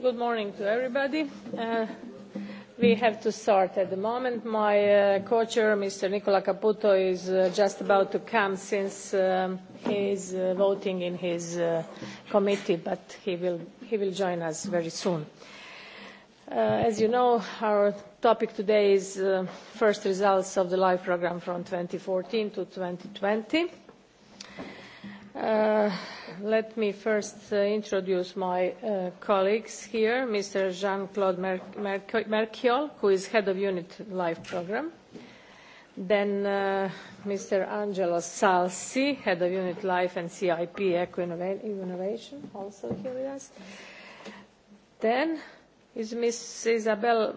Good morning to everybody. we have to start at the moment. My co-chair, Mr. Nicola Caputo, is just about to come since he's he is voting in his committee, but he will, he will join us very soon. as you know, our topic today is first results of the LIFE program from 2014 to 2020 Let me first introduce my colleagues here, Mr. Jean-Claude Merchiol, who is head of unit life program. Then Mr. Angelo Salsi, head of unit life and CIP eco-innovation, also here with us. Then is Ms. Isabel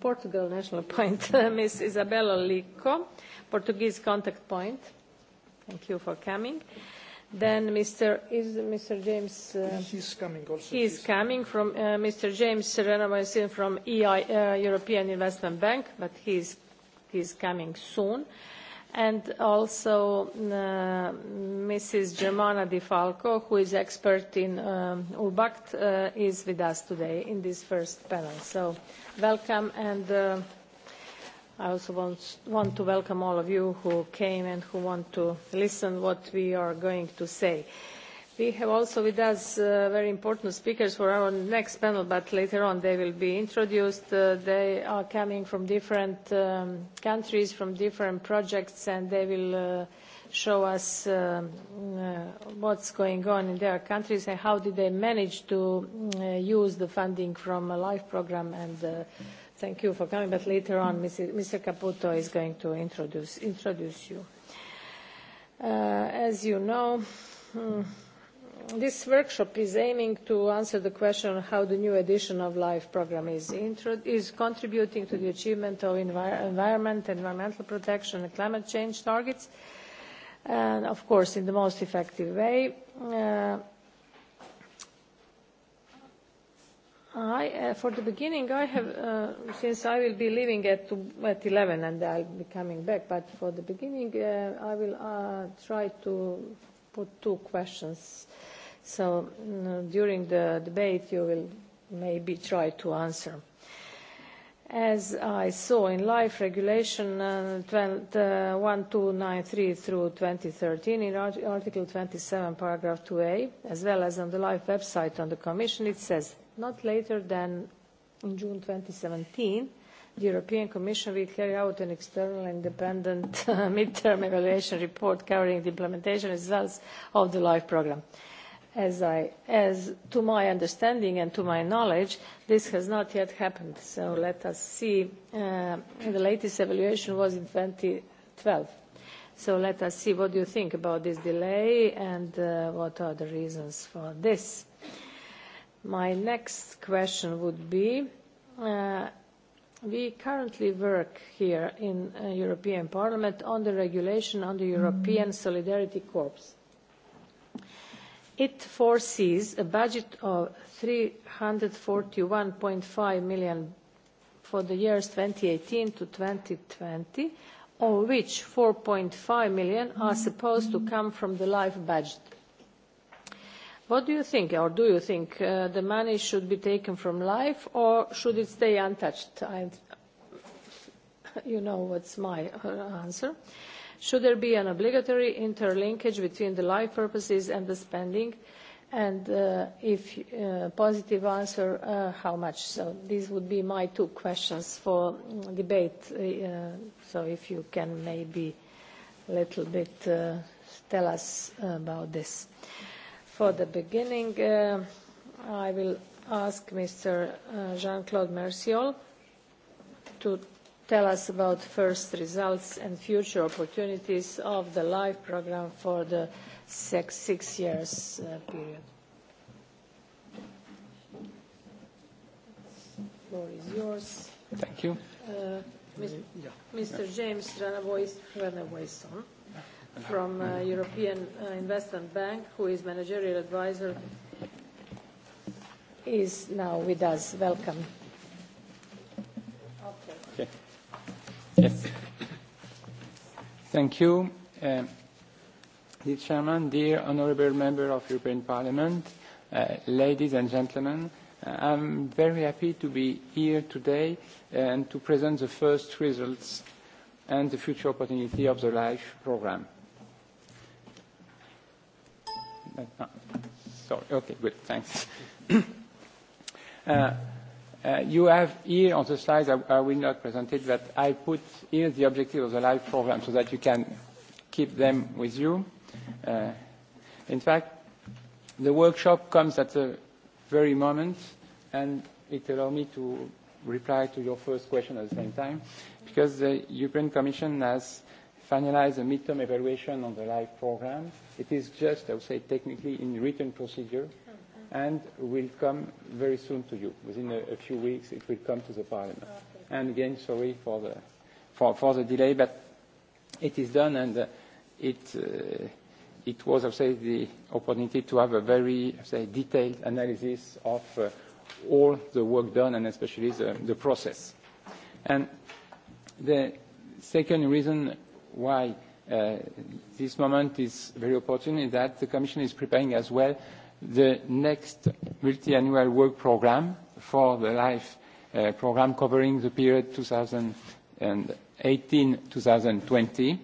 Portugal National Point, Ms. Isabella Lico, Portuguese Contact Point. Thank you for coming. Then Mr. Is Mr. James. Uh, he's coming also. He's coming from uh, Mr. James Serena from EI, uh, European Investment Bank, but he's he's coming soon. Uh, and also uh, Mrs. Germana Di Falco, who is expert in um, URBACT, uh, is with us today in this first panel. So welcome, and uh, I also want, want to welcome all of you who came and who want to listen what we are going to say. Uh, We have also with us uh, very important speakers for our next panel, but later on they will be introduced. Uh, they are coming from different um, countries, from different projects, and they will uh, show us uh, what's going on in their countries and how did they manage to uh, use the funding from a life program. And uh, thank you for coming. But later on, Mr. Caputo is going to introduce introduce you. Uh, as you know. Hmm, this workshop is aiming to answer the question on how the new edition of LIFE programme is, is contributing to the achievement of envir environment, environmental protection and climate change targets, and of course in the most effective way. Uh, I, uh, for the beginning, I have, uh, since I will be leaving at, at 11 and I'll be coming back, but for the beginning, uh, I will uh, try to put two questions uh, So during the debate, you will maybe try to answer. As I saw in life regulation uh, 1293 through 2013 in Article 27, paragraph 2a, as well as on the life website on the Commission, it says not later than in June 2017, the European Commission will carry out an external independent midterm evaluation report covering the implementation results of the life programme as I, as to my understanding and to my knowledge, this has not yet happened. So let us see. Uh, the latest evaluation was in 2012. So let us see what you think about this delay and uh, what are the reasons for this. My next question would be, uh, we currently work here in uh, European Parliament on the regulation on the European Solidarity Corps It foresees a budget of 341.5 million for the years 2018 to 2020, of which 4.5 million are supposed to come from the life budget. What do you think, or do you think the money should be taken from life, or should it stay untouched? I You know what's my answer. Uh Should there be an obligatory interlinkage between the life purposes and the spending? And if positive answer, how much? So these would be my two questions for debate. so if you can maybe a little bit tell us about this. For the beginning, I will ask Mr. Jean-Claude Merciol to tell us about first results and future opportunities of the LIFE programme for the six years period. floor is yours. Thank you. Mr. James Ranawayson from uh, European uh, Investment Bank, who is managerial advisor, is now with us. Welcome. Thank you. Uh, dear Chairman, dear Honourable Member of European Parliament, uh, ladies and gentlemen, I'm very happy to be here today and to present the first results and the future opportunity of the LIFE programme. Sorry, okay, good, thanks. uh, You have here on the slide, I I will not present it, but I put here the objective of the live program so that you can keep them with you. Uh In fact, the workshop comes at the very moment, and it allows me to reply to your first question at the same time, because the European Commission has finalized a midterm evaluation on the live program. It is just, I would say, technically in written procedure, and will come very soon to you. Within a, a few weeks, it will come to the Parliament. Okay. And again, sorry for the for, for the delay, but it is done, and uh, it uh, it was, I say, the opportunity to have a very say detailed analysis of uh, all the work done, and especially the, the process. And the second reason why. Uh, this moment is very opportune is that the Commission is preparing as well uh, the next multi-annual work program for the life program covering the period 2018-2020.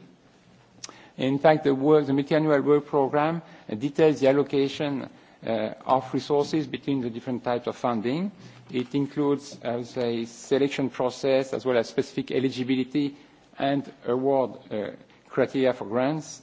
In fact, the work, the multi-annual work program details the allocation of resources between the different types of funding. It includes, I would say, selection process as well as specific eligibility and award criteria for grants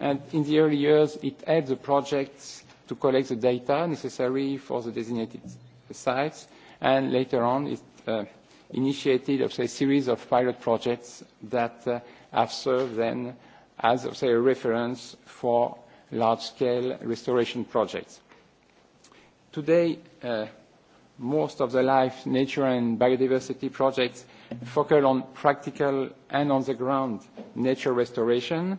and in the early years, it helped the projects to collect the data necessary for the designated sites, and later on, it uh, initiated a series of pilot projects that uh, have served then as say, a reference for large-scale restoration projects. Today, uh, most of the life, nature, and biodiversity projects focus on practical and on-the-ground nature restoration,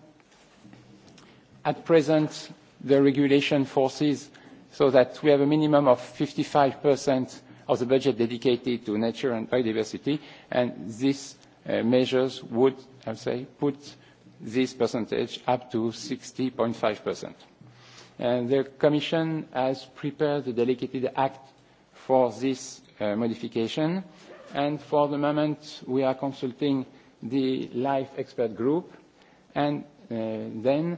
At present, the regulation forces so that we have a minimum of 55% of the budget dedicated to nature and biodiversity, and these measures would, I'd say, put this percentage up to 60.5%. The Commission has prepared the delegated act for this modification, and for the moment, we are consulting the life expert group, and then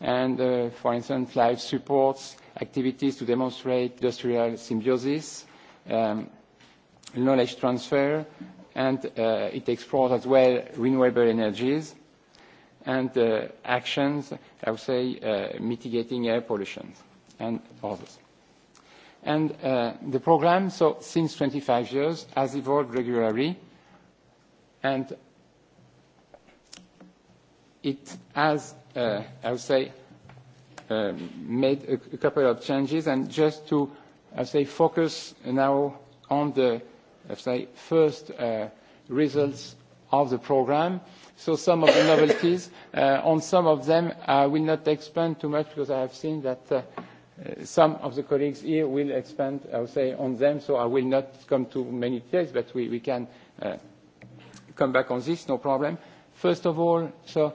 and, for instance, life supports activities to demonstrate industrial symbiosis, um, knowledge transfer, and uh, it explores as well renewable energies and uh, actions, I would say, uh, mitigating air pollution and others. And uh, the program, so since 25 years, has evolved regularly, and it has uh, I would say, um, made a, a couple of changes, and just to, I would say, focus now on the, I would say, first uh, results of the program. So some of the novelties, uh, on some of them, I will not expand too much because I have seen that uh, some of the colleagues here will expand, I would say, on them, so I will not come to many details, but we, we can uh, come back on this, no problem. First of all, so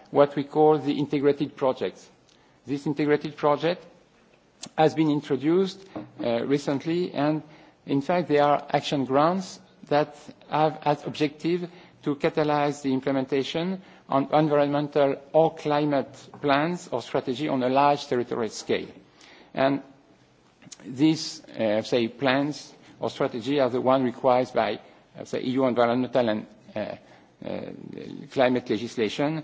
what we call the integrated projects. This integrated project has been introduced recently, and in fact, they are action grants that have as objective to catalyze the implementation on environmental or climate plans or strategy on a large territorial scale. And these, uh, say, plans or strategy are the one required by, say, EU environmental and uh, uh, climate legislation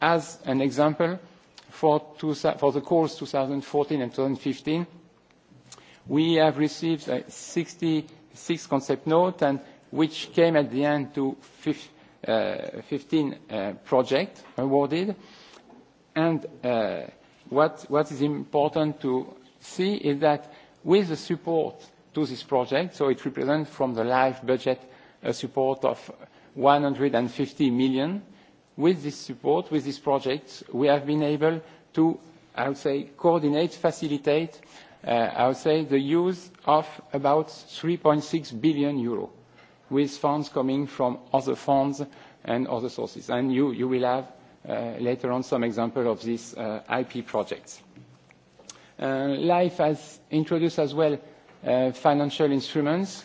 As an example, for the calls 2014 and fifteen, we have received 66 concept note, and which came at the end to 15 project awarded. And what is important to see is that with the support to this project, so it represents from the live budget a support of 150 million, With this support, with this project, we have been able to, I would say, coordinate, facilitate, uh, I would say, the use of about 3.6 billion euro, with funds coming from other funds and other sources. And you, you will have uh, later on some example of these uh, IP projects. Uh, Life has introduced as well uh, financial instruments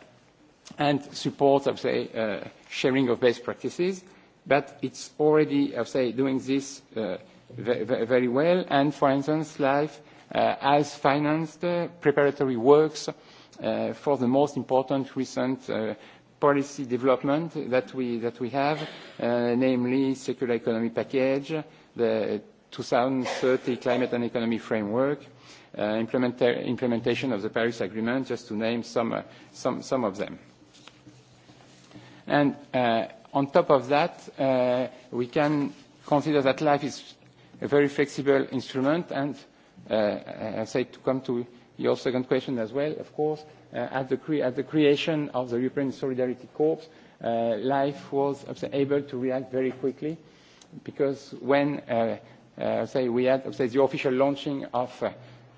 and support, I would say, sharing of best practices. But it's already, I would say, doing this very well. And for instance, LIFE has financed preparatory works for the most important recent policy development that we, that we have, uh, namely circular economy package, the 2030 climate and economy framework, uh, implementation of the Paris Agreement, just to name some, uh, some, some of them. And uh, on top of that, uh, we can consider that life is a very flexible instrument. And uh, I say to come to your second question as well, of course, uh, at, the cre- at the creation of the European Solidarity Corps, uh, life was able to react very quickly because when uh, uh, say we had say, the official launching of uh,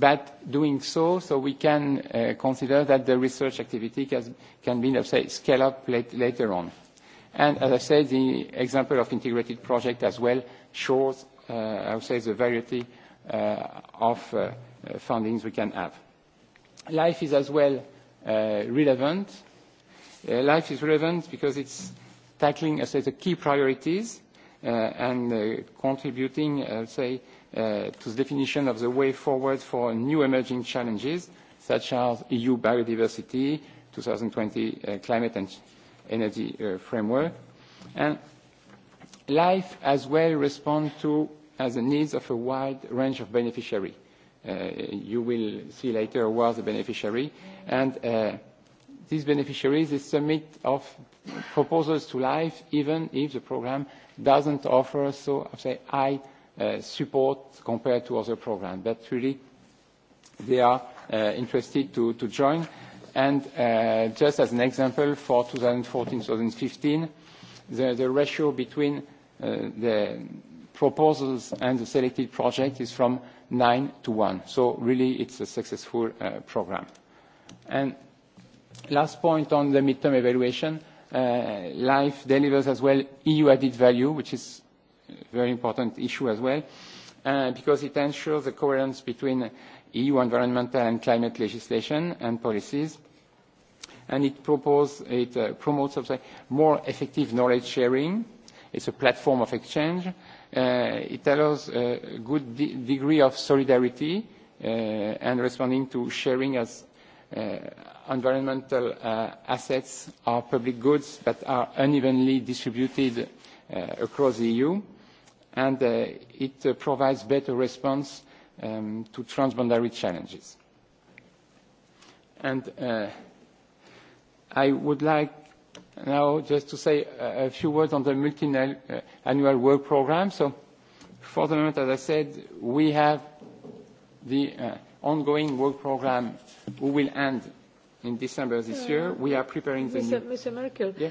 but doing so, so we can uh, consider that the research activity can, can be, let's say, scale up later on. And as I said, the example of integrated project as well shows, uh, I would say, the variety uh, of uh, fundings we can have. Life is as well uh, relevant. life is relevant because it's tackling, I say, the key priorities uh, and uh, contributing, I would say, uh, to the definition of the way forward for new emerging challenges such as EU biodiversity, 2020 climate and energy framework. And life as well responds to the needs of a wide range of beneficiaries. you will see later who are the beneficiary. And these beneficiaries, they submit of proposals to life even if the program doesn't offer so, say, high support compared to other programs. But really, they are interested to join. And just as an example, for 2014-2015, the ratio between the proposals and the selected project is from nine to one. So really, it's a successful program. And last point on the midterm evaluation, Life delivers as well EU added value, which is very important issue as well, uh, because it ensures the coherence between EU environmental and climate legislation and policies, and it, propose, it uh, promotes sorry, more effective knowledge sharing. It's a platform of exchange. Uh, it allows a good de degree of solidarity uh, and responding to sharing as uh, environmental uh, assets are public goods that are unevenly distributed uh, across the EU and it provides better response to transboundary challenges. And I would like now just to say a few words on the multi-annual work program. So for the moment, as I said, we have the ongoing work program who will end in December this year. We are preparing the new- Mr. Merkel. Yeah.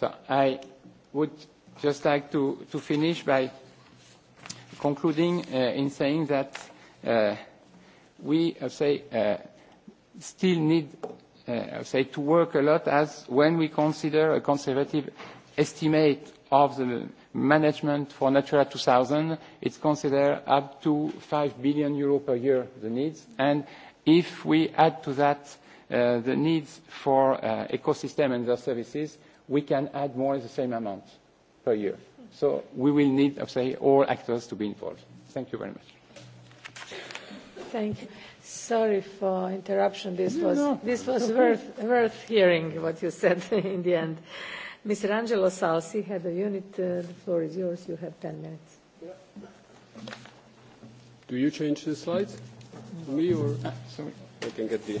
So I would just like to, to finish by concluding uh, in saying that uh, we, I say, uh, still need, uh, I say, to work a lot as when we consider a conservative estimate of the management for Natura 2000, it's considered up to 5 billion euro per year, the needs. And if we add to that uh, the needs for uh, ecosystem and their services, we can add more or the same amount per year. So we will need, I say, all actors to be involved. Thank you very much. Thank you. Sorry for interruption. This was no, this was worth worth hearing what you said in the end. Mr. Angelo Salsi, head of unit. Uh, the floor is yours. You have 10 minutes. Do you change the slides? Me or? Ah, sorry. I can get the.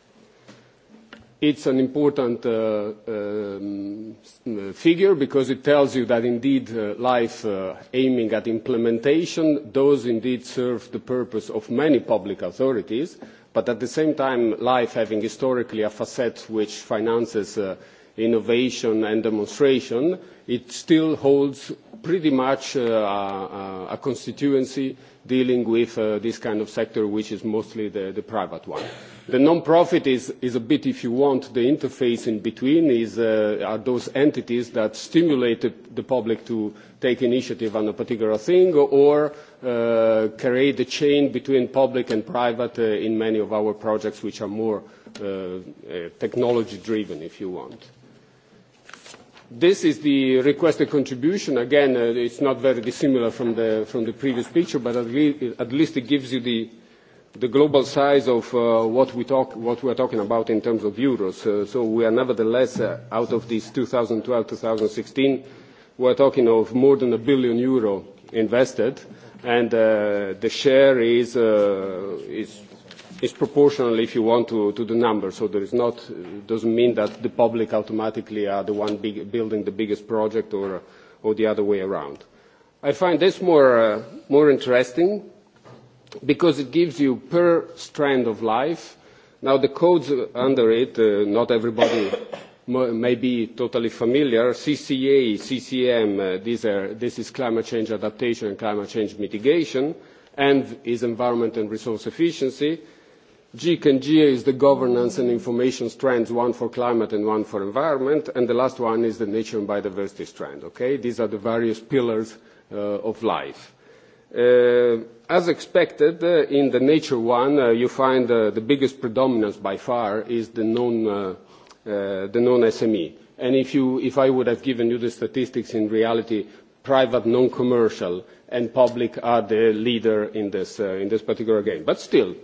It's an important figure because it tells you that indeed life aiming at implementation does indeed serve the purpose of many public authorities, but at the same time, life having historically a facet which finances innovation and demonstration, it still holds pretty much a constituency dealing with this kind of sector, which is mostly the private one. The non-profit is, is a bit, if you want, the interface in between is, uh, are those entities that stimulate the public to take initiative on a particular thing or uh, create the chain between public and private in many of our projects which are more technology driven, if you want. This is the requested contribution. Again, uh, it's not very dissimilar from the, from the previous picture, but at, le at least it gives you the, the global size of uh, what, we talk, what we are talking about in terms of euros. Uh, so we are nevertheless, uh, out of this 2012-2016, we are talking of more than a billion euro invested, and uh, the share is, uh, is, is proportional, if you want, to, to the number. So there is not, doesn't mean that the public automatically are the one big, building the biggest project or, or the other way around. I find this more, uh, more interesting because it gives you per strand of life. Now the codes under it, uh, not everybody may be totally familiar. CCA, CCM, uh, these are, this is climate change adaptation and climate change mitigation, and is environment and resource efficiency. GIC and GA is the governance and information strands, one for climate and one for environment, and the last one is the nature and biodiversity strand. Okay, these are the various pillars uh, of life. Uh, As expected, in the nature one, you find the biggest predominance by far is the non-SME. If I would have given you the statistics, in reality, private non-commercial and public are the leader in this particular game. Still,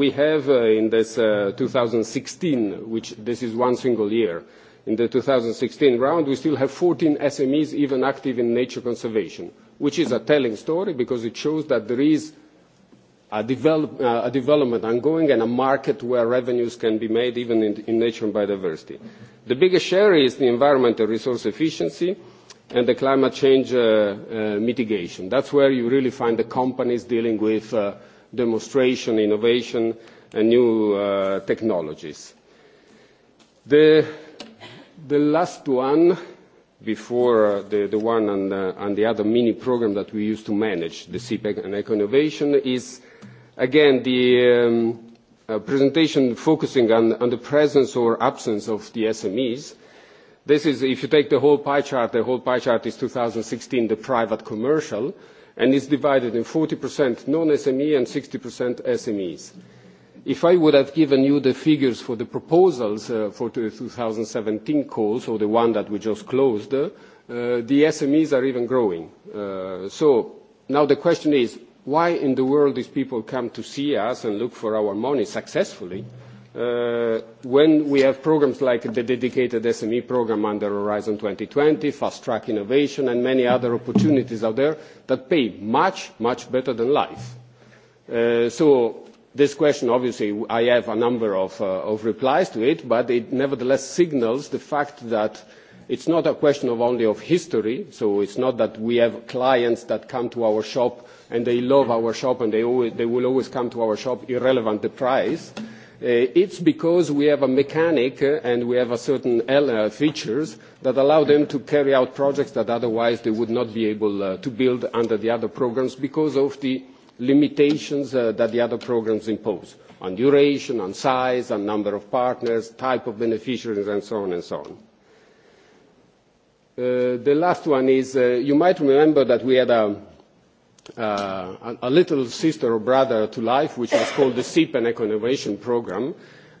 we have in this 2016, which this is one single year, in the 2016 round, we still have 14 SMEs even active in nature conservation, which is a telling story because it shows that there is a development ongoing and a market where revenues can be made even in nature and biodiversity. The biggest share is the environmental resource efficiency and the climate change mitigation. That's where you really find the companies dealing with demonstration, innovation, and new technologies. The The last one, before the, the one and the, other mini program that we used to manage, the CPEC and eco-innovation, is again the presentation focusing on, the presence or absence of the SMEs. This is, if you take the whole pie chart, the whole pie chart is 2016, the private commercial, and it's divided in 40% non-SME and 60% SMEs. If I would have given you the figures for the proposals for the 2017 call, so the one that we just closed, the SMEs are even growing. So now the question is, why in the world these people come to see us and look for our money successfully, when we have programs like the dedicated SME program under Horizon 2020, Fast Track Innovation, and many other opportunities out there that pay much, much better than life. So This question, obviously, I have a number of replies to it, but it nevertheless signals the fact that it's not a question of only of history, so it's not that we have clients that come to our shop and they love our shop and they will always come to our shop irrelevant the price. It's because we have a mechanic and we have certain features that allow them to carry out projects that otherwise they would not be able to build under the other programs because of the limitations that the other programmes impose on duration, on size, on number of partners, type of beneficiaries, and so on and so on. The last one is, you might remember that we had a a little sister or brother to life, which was called the SIP and Eco Innovation Programme.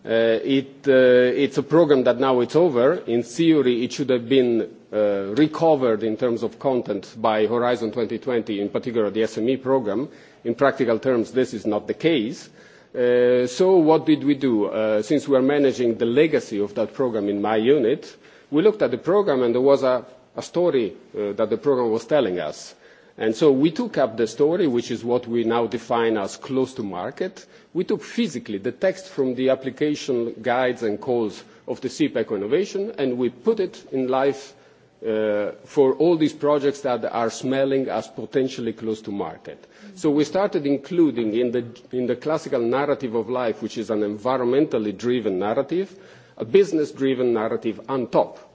It It's a programme that now it's over. In theory, it should have been recovered in terms of content by Horizon 2020, in particular the SME programme. In practical terms, this is not the case. So what did we do? Since we are managing the legacy of that program in my unit, we looked at the program, and there was a story that the program was telling us. And so we took up the story, which is what we now define as close to market. We took physically the text from the application guides and calls of the CPEC innovation, and we put it in life for all these projects that are smelling as potentially close to market. So we started including in the, in the classical narrative of life, which is an environmentally driven narrative, a business-driven narrative on top.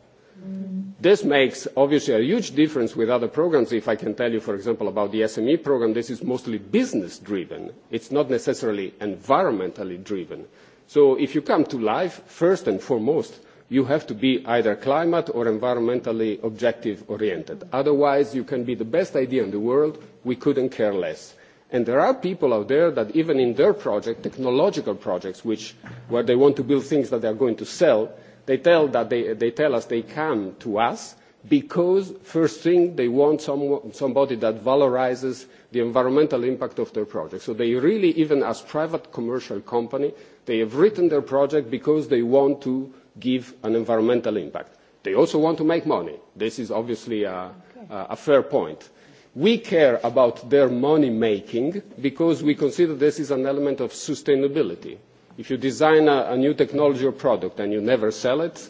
This makes obviously a huge difference with other programs. If I can tell you, for example, about the SME program, this is mostly business driven. It's not necessarily environmentally driven. So if you come to life, first and foremost, you have to be either climate or environmentally objective oriented. Otherwise, you can be the best idea in the world, we couldn't care less. And there are people out there that even in their project, technological projects, which, where they want to build things that they are going to sell, they tell, that they, they tell us they come to us because first thing they want some, somebody that valorizes the environmental impact of their project. So they really, even as private commercial company, they have written their project because they want to give an environmental impact. They also want to make money. This is obviously a, a fair point. We care about their money making because we consider this is an element of sustainability. If you design a, a new technology or product and you never sell it,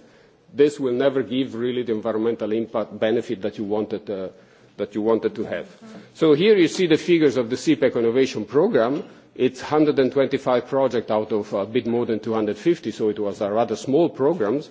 this will never give really the environmental impact benefit that you wanted, to, that you wanted to have. So here you see the figures of the CPEC innovation program It's 125 projects out of a bit more than 250, so it was a rather small programme.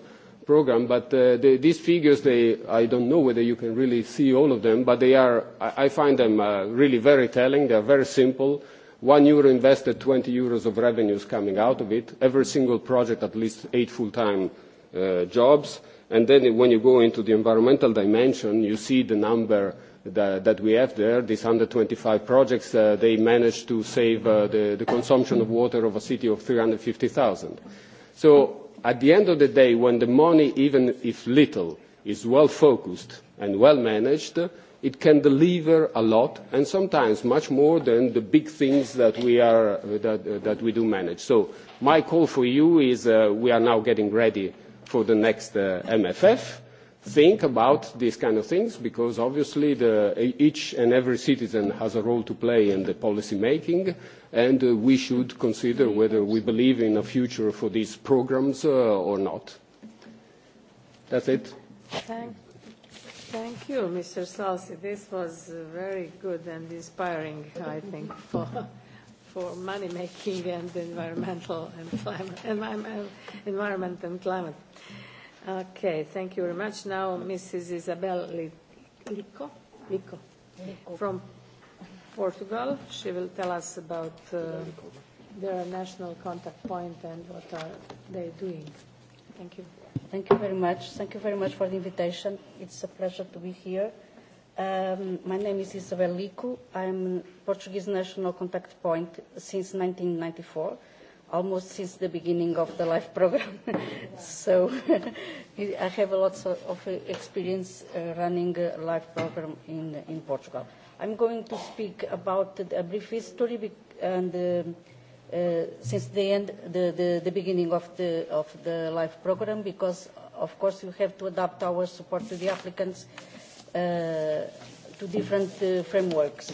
program. But uh, the, these figures, they, I don't know whether you can really see all of them, but they are, I, I find them uh, really very telling. They are very simple. One euro invested, 20 euros of revenues coming out of it. Every single project, at least eight full-time uh, jobs. And then when you go into the environmental dimension, you see the number that we have there, these 125 projects, they managed to save the consumption of water of a city of 350,000. So at the end of the day, when the money, even if little, is well focused and well managed, it can deliver a lot, and sometimes much more than the big things that we are that we do manage. So my call for you is, we are now getting ready for the next MFF think about these kind of things because obviously the, each and every citizen has a role to play in the policy making and uh, we should consider whether we believe in a future for these programs uh, or not. That's it. Thank, thank you, Mr. Salsi. This was very good and inspiring, I think, for for money making and environmental and climate, environment and climate Okay, thank you very much. Now, Mrs. Isabel Lico, Lico from Portugal. She will tell us about uh, their national contact point and what are they doing. Thank you. Thank you very much. Thank you very much for the invitation. It's a pleasure to be here. Um, my name is Isabel Lico. I'm Portuguese national contact point since 1994 almost since the beginning of the life program. so I have a lot of experience uh, running a life program in, in Portugal. I'm going to speak about a brief history and uh, uh, since the end, the, the, the beginning of the, of the life program, because of course we have to adapt our support to the applicants uh, to different uh, frameworks.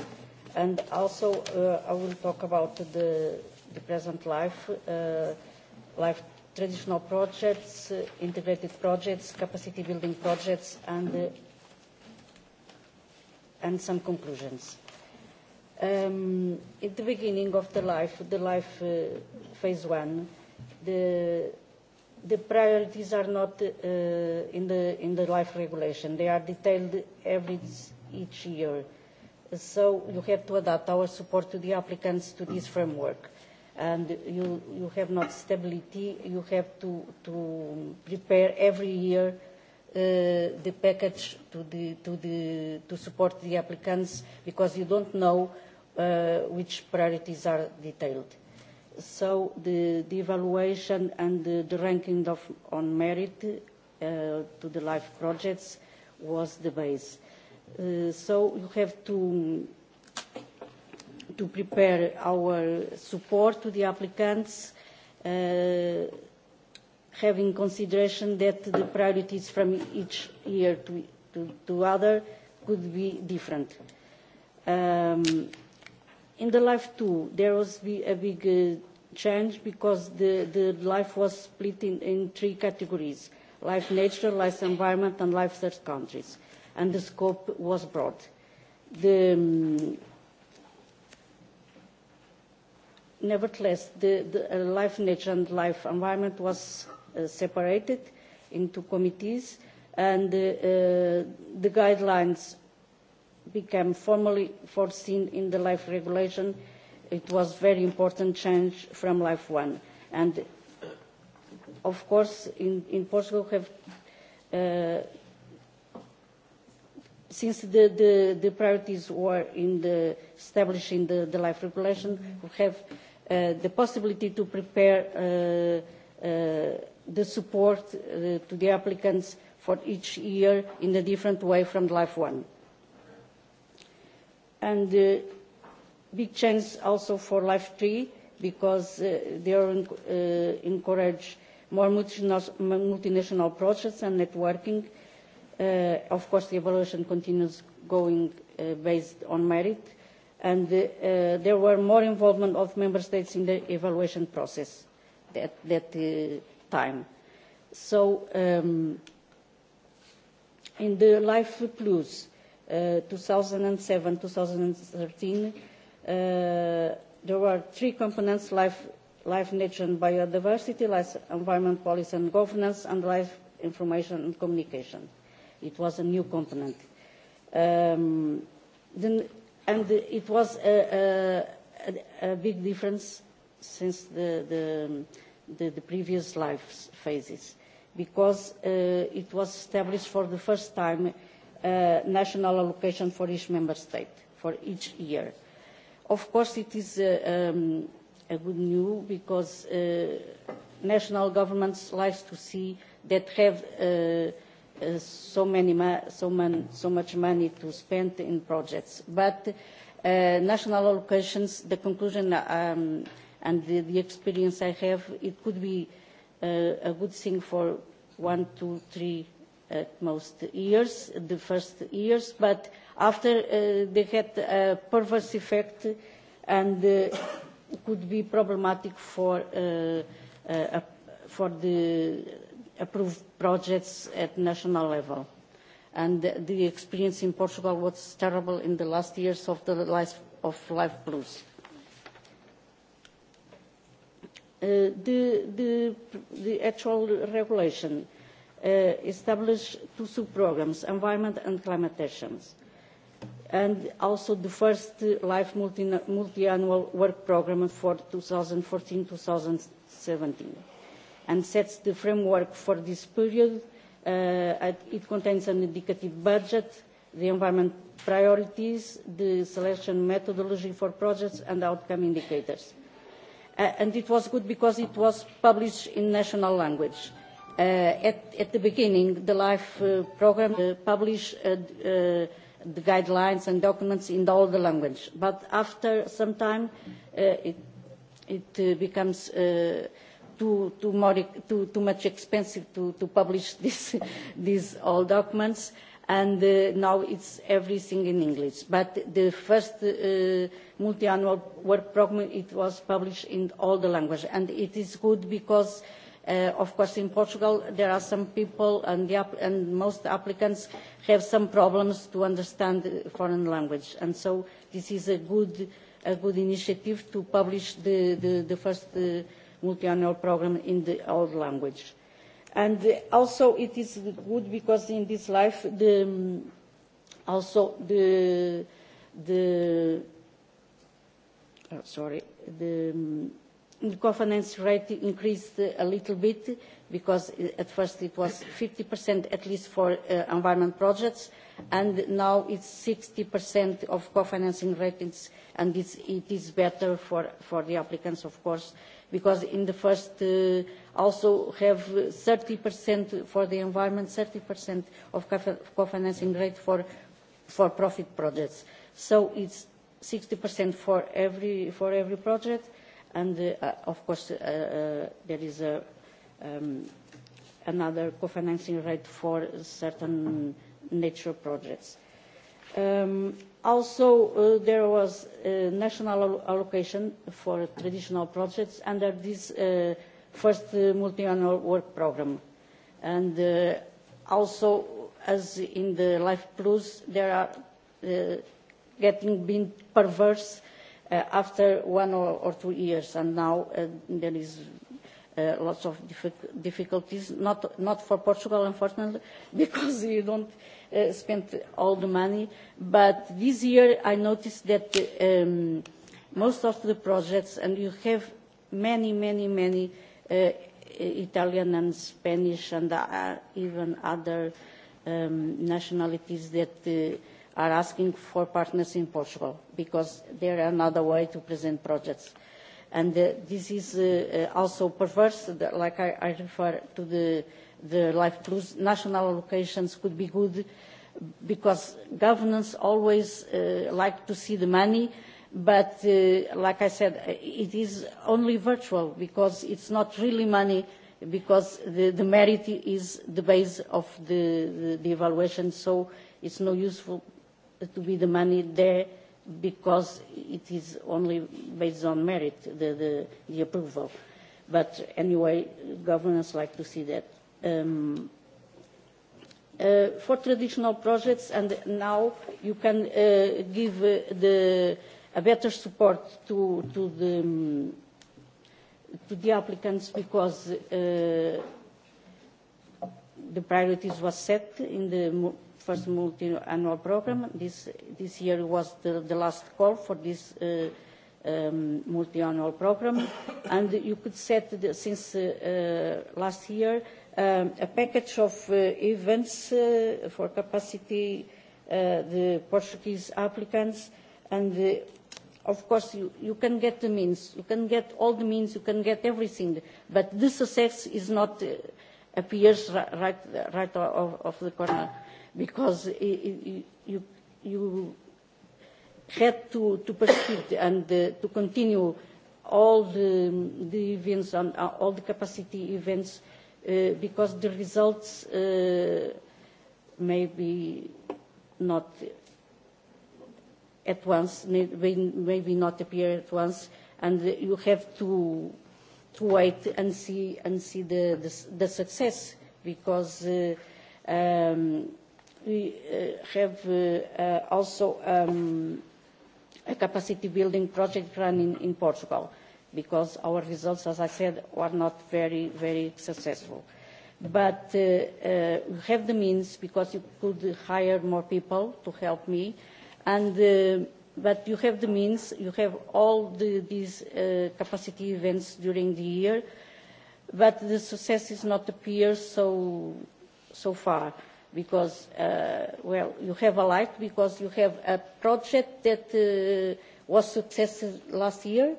And also uh, I will talk about the the present life, uh, life traditional projects, uh, integrated projects, capacity building projects, and, uh, and some conclusions. Um, at the beginning of the life, the life uh, phase one, the, the priorities are not uh, in, the, in the life regulation. They are detailed every each year. So you have to adapt our support to the applicants to this framework and you, you have not stability, you have to, to prepare every year uh, the package to, the, to, the, to support the applicants because you don't know uh, which priorities are detailed. So the, the evaluation and the, the ranking of, on merit uh, to the life projects was the base. Uh, so you have to to prepare our support to the applicants, uh, having consideration that the priorities from each year to, to, to other could be different. Um, in the life too, there was a big uh, change because the, the life was split in, in three categories, life nature, life environment, and life third countries, and the scope was broad. The um, Nevertheless, the, the life nature and life environment was uh, separated into committees and uh, the guidelines became formally foreseen in the life regulation. It was very important change from life one. And of course, in, in Portugal, have, uh, since the, the, the priorities were in the establishing the, the life regulation, we have the possibility to prepare uh, uh, the support uh, to the applicants for each year in a different way from life one. And uh, big chance also for life three because uh, they are uh, encourage more multinational projects and networking. Uh, of course, the evaluation continues going uh, based on merit and uh, there were more involvement of member states in the evaluation process at that uh, time. So um, in the Life Plus uh, 2007-2013, uh, there were three components, life, life nature and biodiversity, life environment policy and governance, and life information and communication. It was a new component. Um, then and it was a, a, a big difference since the, the, the, the previous life phases because uh, it was established for the first time uh, national allocation for each member state for each year. Of course, it is uh, um, a good news because uh, national governments like to see that have uh, so many ma- so, man- so much money to spend in projects. But uh, national allocations, the conclusion um, and the, the experience I have, it could be uh, a good thing for one, two, three at most years, the first years, but after uh, they had a perverse effect and uh, could be problematic for, uh, uh, for the approved projects at national level. And the experience in Portugal was terrible in the last years of the life of Life Plus. the, the, actual regulation established two sub-programs, environment and climate actions, and also the first life multi-annual work program for 2014-2017 and sets the framework for this period. Uh, it contains an indicative budget, the environment priorities, the selection methodology for projects and outcome indicators. Uh, and it was good because it was published in national language. Uh, at, at the beginning, the LIFE uh, program uh, published uh, uh, the guidelines and documents in all the language. But after some time, uh, it, it uh, becomes uh, too, too, more, too, too much expensive to, to publish this, these all documents and uh, now it's everything in English. But the first uh, multi-annual work program, it was published in all the languages. And it is good because, uh, of course, in Portugal, there are some people and, the and most applicants have some problems to understand foreign language. And so this is a good, a good initiative to publish the, the, the first uh, multi-annual program in the old language. And also it is good because in this life the, also the, the oh, sorry, the the confidence rate increased a little bit because at first it was 50% at least for uh, environment projects and now it's 60% of co-financing ratings and it's, it is better for, for the applicants of course because in the first uh, also have 30% for the environment, 30% of co-financing rate for for-profit projects. So it's 60% for every for every project, and uh, of course uh, there is a um, another co-financing rate for certain nature projects. Um, Also, uh, there was a national allocation for traditional projects under this uh, first uh, multi-annual work program. And uh, also, as in the Life Plus, there are uh, getting been perverse uh, after one or, or two years, and now uh, there is uh, lots of difficulties, not, not for Portugal, unfortunately, because you don't uh, spent all the money. But this year I noticed that um, most of the projects, and you have many, many, many uh, Italian and Spanish and uh, even other um, nationalities that uh, are asking for partners in Portugal because they are another way to present projects. And uh, this is uh, also perverse, like I, I refer to the uh, the Life Plus national allocations could be good because governments always uh, like to see the money but uh, like I said, it is only virtual because it's not really money because the, the merit is the base of the, the, the evaluation so it's no useful to be the money there because it is only based on merit, the, the, the approval. But anyway, governments like to see that um, uh, for traditional projects and now you can uh, give uh, the, a better support to, to, the, um, to the applicants because uh, the priorities were set in the first multi-annual program. This, this year was the, the last call for this uh, um, multi-annual program and you could set the, since uh, uh, last year uh, um, a package of uh, events uh, for capacity uh, the Portuguese applicants and the of course you, you can get the means, you can get all the means, you can get everything, but this success is not uh, appears right, right off off the corner because you, you, you had to, to proceed and uh, to continue all the, the events and uh, all the capacity events uh, because the results uh, may be not at once, may, maybe not appear at once, and you have to to wait and see and see the the, the success because uh, um, we uh, have uh, uh, also um, a capacity building project run in, in Portugal because our results, as I said, were not very, very successful. But we have the means because you could hire more people to help me, and but you have the means, you have all the, these uh, capacity events during the year, but the success is not appear so so far because uh, well you have a light because you have a project that uh, was successful last year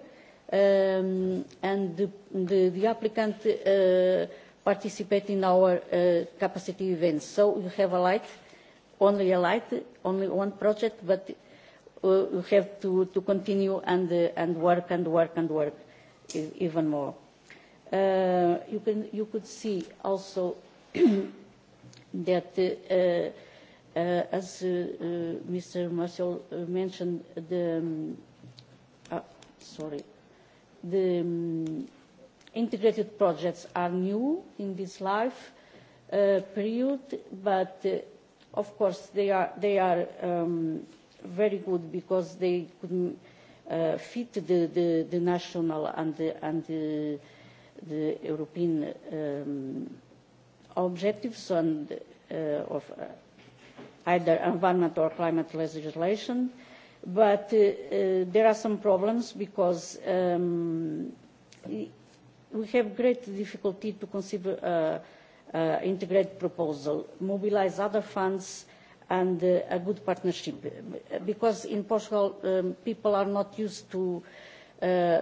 um, and the, the, the applicant uh, participate in our uh, capacity events. So you have a light, only a light, only one project, but uh, you have to, to continue and, uh, and work and work and work even more. Uh, you, can, you could see also that uh, uh, as uh, uh, Mr. Marcel mentioned, the, um, uh, sorry, The integrated projects are new in this life period, but of course, they are they are um very good because they could uh fit the the the national and the and the the European um objectives and uh of uh either environment or climate legislation But uh, uh, there are some problems because um, we have great difficulty to conceive uh, uh, integrated proposal, mobilize other funds and uh, a good partnership. Because in Portugal, um, people are not used to uh,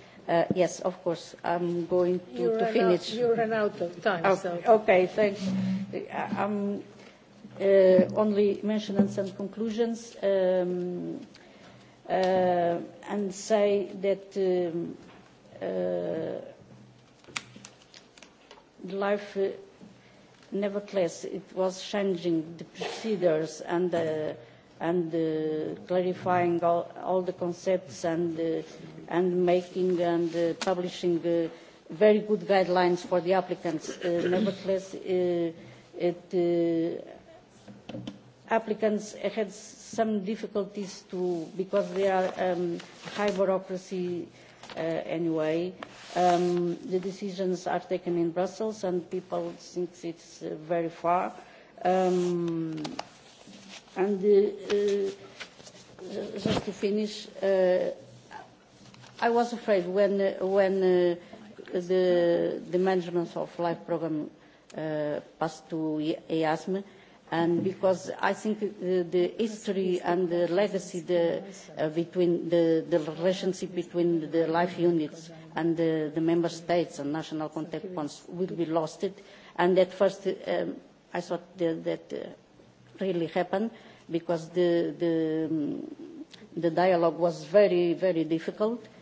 Uh, yes, of course, I'm going to, to finish. Out, you ran out of time. Okay, so. okay thanks. I'm uh, only mentioning some conclusions um, uh, and say that um, uh, life, uh, nevertheless, it was changing the procedures and uh, and uh, clarifying all, all the concepts and uh, and making and uh, publishing uh, very good guidelines for the applicants. Uh, nevertheless, uh, it, uh, applicants had some difficulties to because they are um, high bureaucracy uh, anyway. Um, the decisions are taken in Brussels, and people think it's uh, very far. Um, and uh, uh, just to finish. Uh, I was afraid when, when uh, the, the management of life program uh, passed to EASM, and because I think the, the history and the legacy the, uh, between the, the relationship between the life units and the, the member states and national contact points will be lost. It. And at first um, I thought that, that really happened because the, the, the dialogue was very, very difficult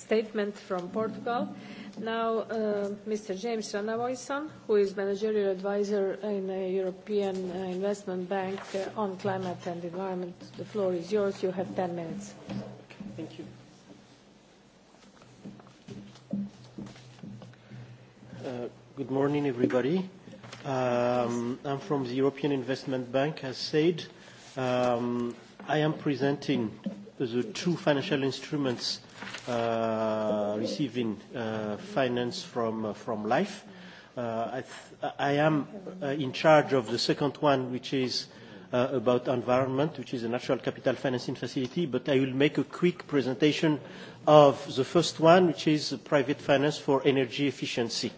statement from Portugal. Now, Mr. James Ranavoyson, who is managerial advisor in the European Investment Bank on climate and environment. The floor is yours. You have 10 minutes. Thank you. Uh, Good morning, everybody. Um I'm from the European Investment Bank, as said. Um I am presenting the two financial instruments receiving uh, finance from, uh, from life. Uh, I, th- I am uh, in charge of the second one, which is uh, about environment, which is a natural capital financing facility, but I will make a quick presentation of the first one, which is private finance for energy efficiency.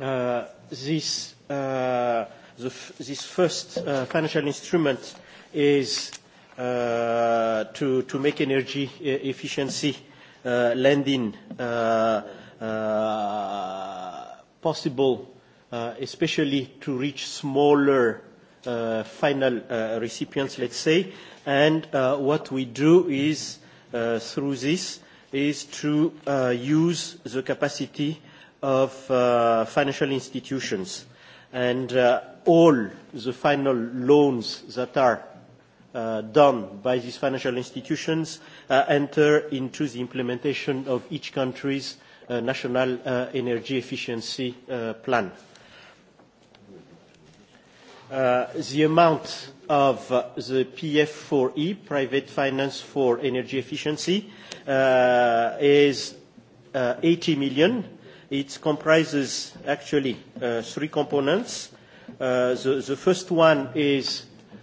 Uh, this, uh, the f- this first uh, financial instrument is uh, to, to make energy efficiency uh, lending uh, uh, possible, uh, especially to reach smaller uh, final uh, recipients, let's say. And uh, what we do is, uh, through this, is to uh, use the capacity of uh, financial institutions. And uh, all the final loans that are done by these financial institutions enter into the implementation of each country's national energy efficiency plan. the amount of the PF4E, Private Finance for Energy Efficiency, is uh, 80 million. It comprises actually three components. the, first one is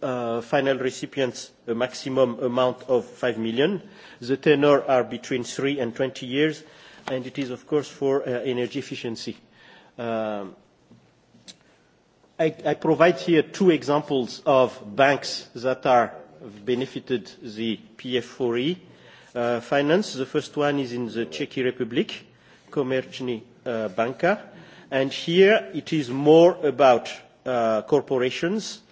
final recipients a maximum amount of EUR five million. The tenor are between three and twenty years, and it is, of course, for energy efficiency. I provide here two examples of banks that are benefited the PF4E finance. The first one is in the Czech Republic, Komerční banka, and here it is more about corporations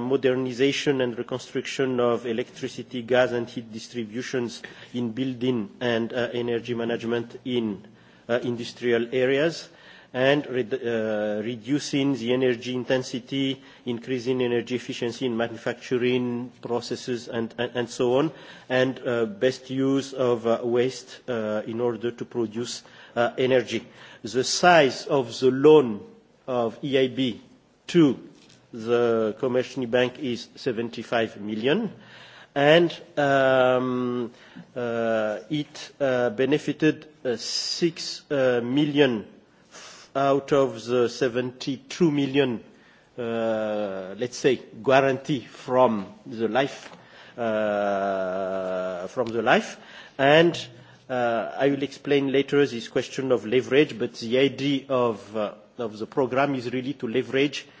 modernisation and reconstruction of electricity, gas and heat distributions in building and energy management in industrial areas, and reducing the energy intensity, increasing energy efficiency in manufacturing processes and so on, and best use of waste in order to produce energy. The size of the loan of EIB to the commercial bank is 75 million, and um, uh, it uh, benefited uh, 6 uh, million out of the 72 million, uh, let's say, guarantee from the life, uh, from the life, and uh, I will explain later this question of leverage, but the idea of, uh, of the program is really to leverage uh,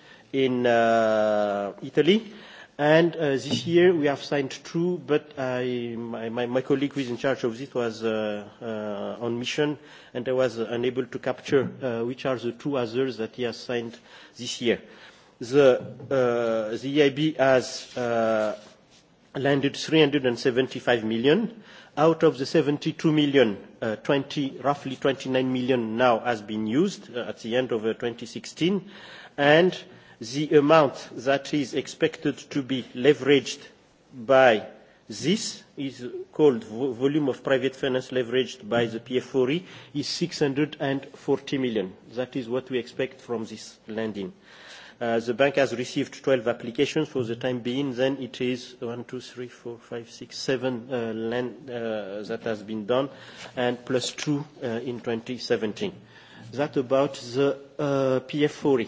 in uh, Italy. And uh, this year we have signed two, but I, my, my, my colleague who is in charge of this was uh, uh, on mission, and I was unable to capture uh, which are the two others that he has signed this year. The, EIB has uh, landed 375 million. Out of the 72 million, uh, 20, roughly 29 million now has been used at the end of 2016, and the amount that is expected to be leveraged by this is called volume of private finance leveraged by the pf is 640 million. That is what we expect from this lending. The bank has received 12 applications for the time being. Then it is one, two, three, four, five, six, seven uh, that has been done, and plus two in 2017. That about the PF4E.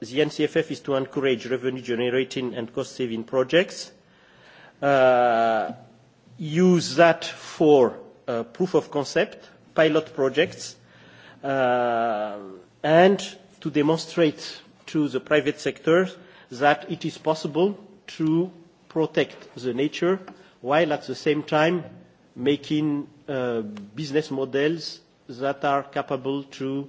the NCFF is to encourage revenue-generating and cost-saving projects, use that for proof of concept, pilot projects, and to demonstrate to the private sector that it is possible to protect the nature while at the same time making business models that are capable to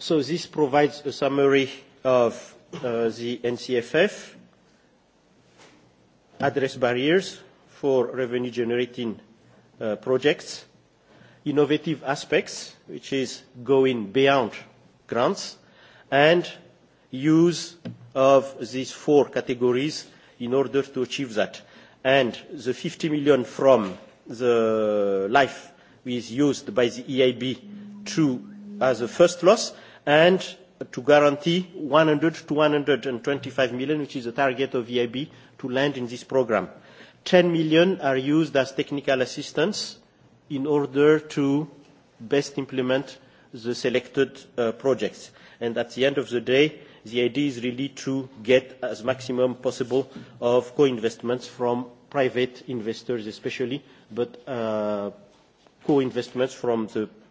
So this provides a summary of the NCFF, address barriers for revenue-generating projects, innovative aspects, which is going beyond grants, and use of these four categories in order to achieve that. And the 50 million from the life is used by the EIB to as a first loss, and to guarantee one hundred to one hundred and twenty five million, which is the target of EIB, to land in this programme. Ten million are used as technical assistance in order to best implement the selected projects. And at the end of the day, the idea is really to get as maximum possible of co-investments from private investors especially, but co-investments from the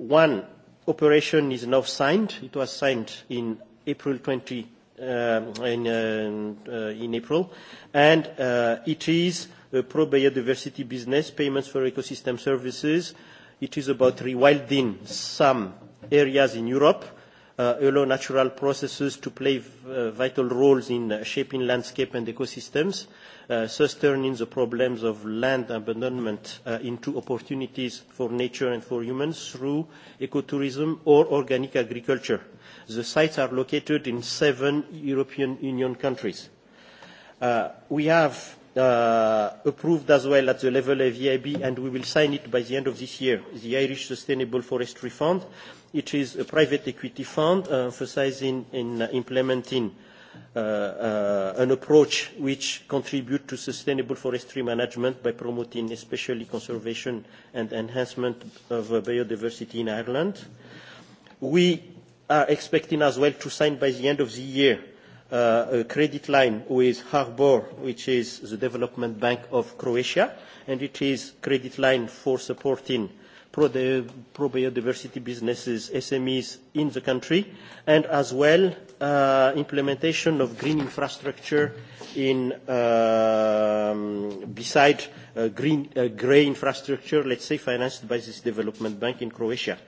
One operation is now signed. It was signed in April 20, in April, and it is a pro-biodiversity business, payments for ecosystem services. It is about rewilding some areas in Europe uh, allow natural processes to play uh, vital roles in shaping landscape and ecosystems, uh, thus turning the problems of land abandonment uh, into opportunities for nature and for humans through ecotourism or organic agriculture. The sites are located in seven European Union countries. Uh, we have uh, approved as well at the level of EIB and we will sign it by the end of this year, the Irish Sustainable Forestry Fund, It is a private equity fund uh, emphasizing in implementing uh, uh, an approach which contributes to sustainable forestry management by promoting especially conservation and enhancement of uh, biodiversity in Ireland. We are expecting as well to sign by the end of the year uh, a credit line with Harbor, which is the development bank of Croatia, and it is credit line for supporting pro-biodiversity businesses, SMEs in the country, and as well uh, implementation of green infrastructure in, um, beside uh, green, uh, grey infrastructure, let's say, financed by this development bank in Croatia.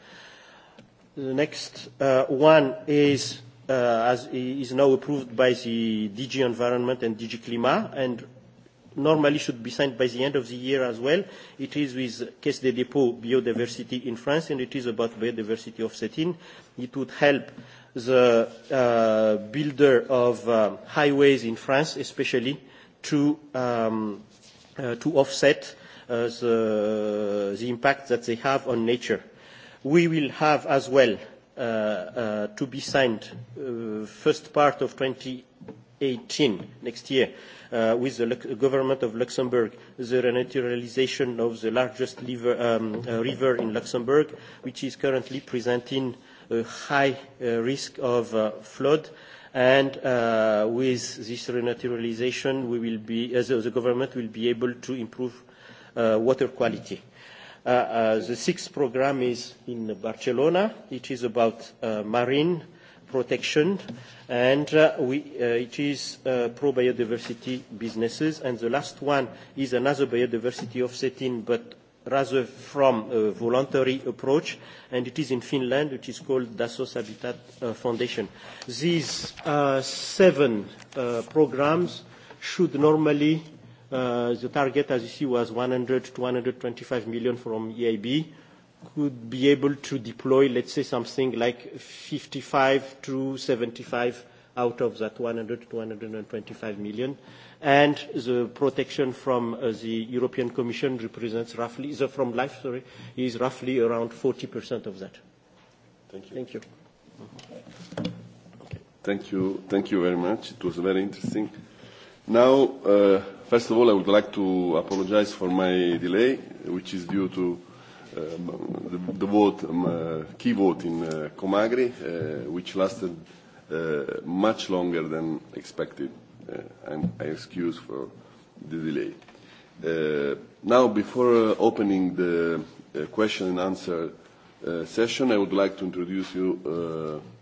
The next uh, one is, uh, as is now approved by the DG Environment and DG Clima, and normally should be signed by the end of the year as well. It is with Caisse des Dépôts Biodiversity in France, and it is about biodiversity offsetting. It would help the uh, builder of uh, highways in France, especially, to, um, uh, to offset uh, the, the impact that they have on nature. We will have as well uh, uh, to be signed uh, first part of 20 eighteen next year, uh, with the government of Luxembourg, the renaturalization of the largest liver, um, uh, river in Luxembourg, which is currently presenting a high uh, risk of uh, flood. And uh, with this renaturalization, we will be, as the government will be able to improve uh, water quality. Uh, uh, the sixth program is in Barcelona. It is about uh, marine protection, and we it is uh pro-biodiversity businesses. And the last one is another biodiversity offsetting, but rather from a voluntary approach, and it is in Finland, which is called Dasos Habitat Foundation. These seven programs should normally, the target, as you see, was 100 to 125 million from EIB could be able to deploy, let's say, something like 55 to 75 out of that 100 to 125 million. And the protection from uh, the European Commission represents roughly, the from life, sorry, is roughly around 40% of that. Thank you. Thank you. Thank you. Thank you very much. It was very interesting. Now, uh, first of all, I would like to apologize for my delay, which is due to the, the vote, um, uh, key vote in uh, Comagri, uh, which lasted uh, much longer than expected. Uh, I'm, I excuse for the delay. Uh, now, before uh, opening the uh, question and answer uh, session, I would like to introduce you uh,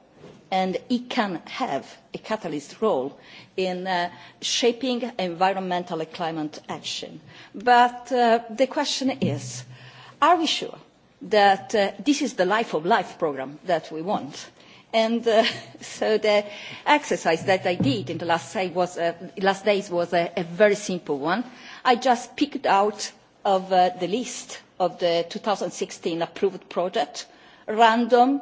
and it can have a catalyst role in shaping environmental and climate action. But the question is, are we sure that this is the life of life programme that we want? And so the exercise that I did in the last, was, last days was a, a very simple one. I just picked out of the list of the sixteen approved project random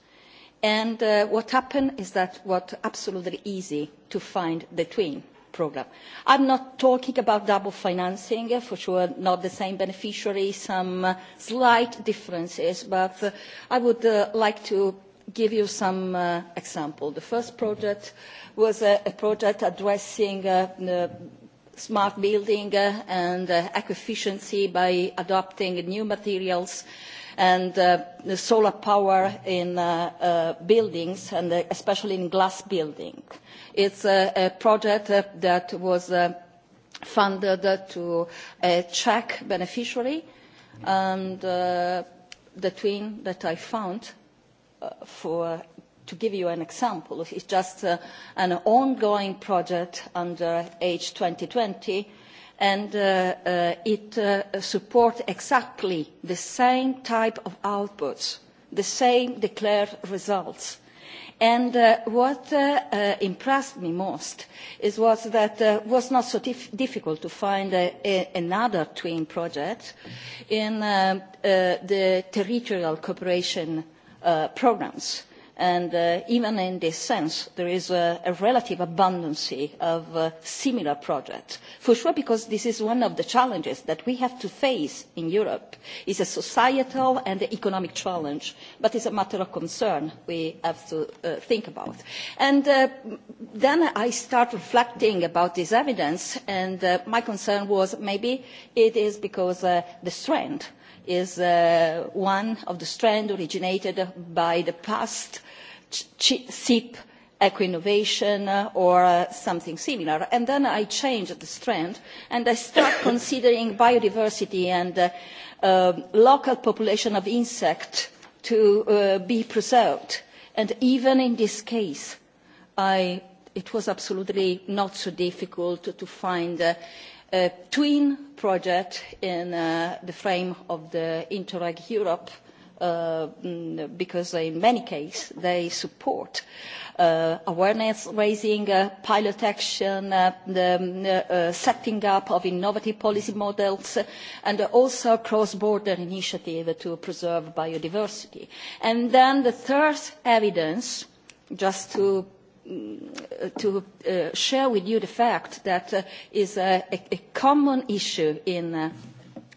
And what happened is that it was absolutely easy to find the twin programme. I am not talking about double financing, for sure not the same beneficiary, some slight differences, but I would like to give you some examples. The first project was a, project addressing smart building and eco-efficiency by adopting new materials and solar power in buildings, and especially in glass buildings. It's a project that was funded to a Czech beneficiary, and the twin that I found for to give you an example, it's just an ongoing project under H2020 and it supports exactly the same type of outputs, the same declared results. And what impressed me most is was that it was not so difficult to find another twin project in the territorial cooperation programmes And even in this sense, there is a, relative abundance of similar projects. For sure, because this is one of the challenges that we have to face in Europe. It's a societal and economic challenge, but it's a matter of concern we have to think about. And then I start reflecting about this evidence, and my concern was maybe it is because the strength is one of the strands originated by the past SIP eco-innovation or something similar. And then I changed the strand and I start considering biodiversity and local population of insects to be preserved. And even in this case, I, it was absolutely not so difficult to find twin project in the frame of the Interreg Europe because in many cases they support awareness raising, pilot action, the setting up of innovative policy models, and also cross-border initiative to preserve biodiversity. And then the third evidence, just to to share with you the fact that is a, a common issue in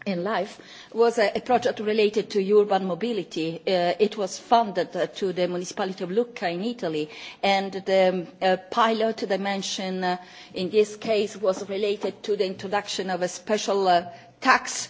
in life was a, project related to urban mobility. it was funded to the municipality of Lucca in Italy, and the pilot dimension in this case was related to the introduction of a special tax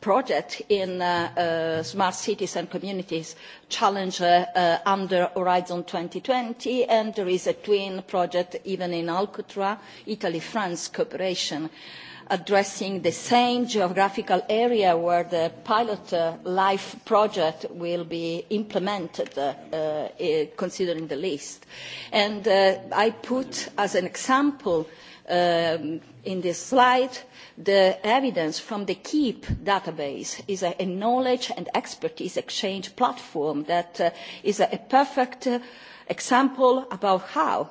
project in smart cities and communities challenge under Horizon twenty, and there is a twin project even in Alcatraz, Italy-France cooperation. Uh, addressing the same geographical area where the pilot life project will be implemented, considering the list. And I put as an example in this slide the evidence from the keep database is a knowledge and expertise exchange platform that is a perfect example about how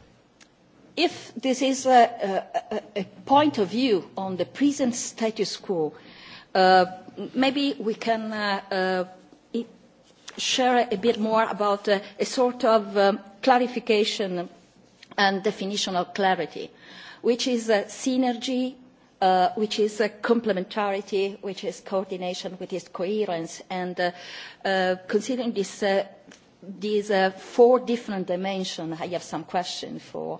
if this is a, a, a point of view on the present status quo, uh, maybe we can uh, uh, share a bit more about a sort of um, clarification and definition of clarity, which is a synergy, uh, which is a complementarity, which is coordination, which is coherence. And uh, uh, considering this, uh, these uh, four different dimensions, I have some questions for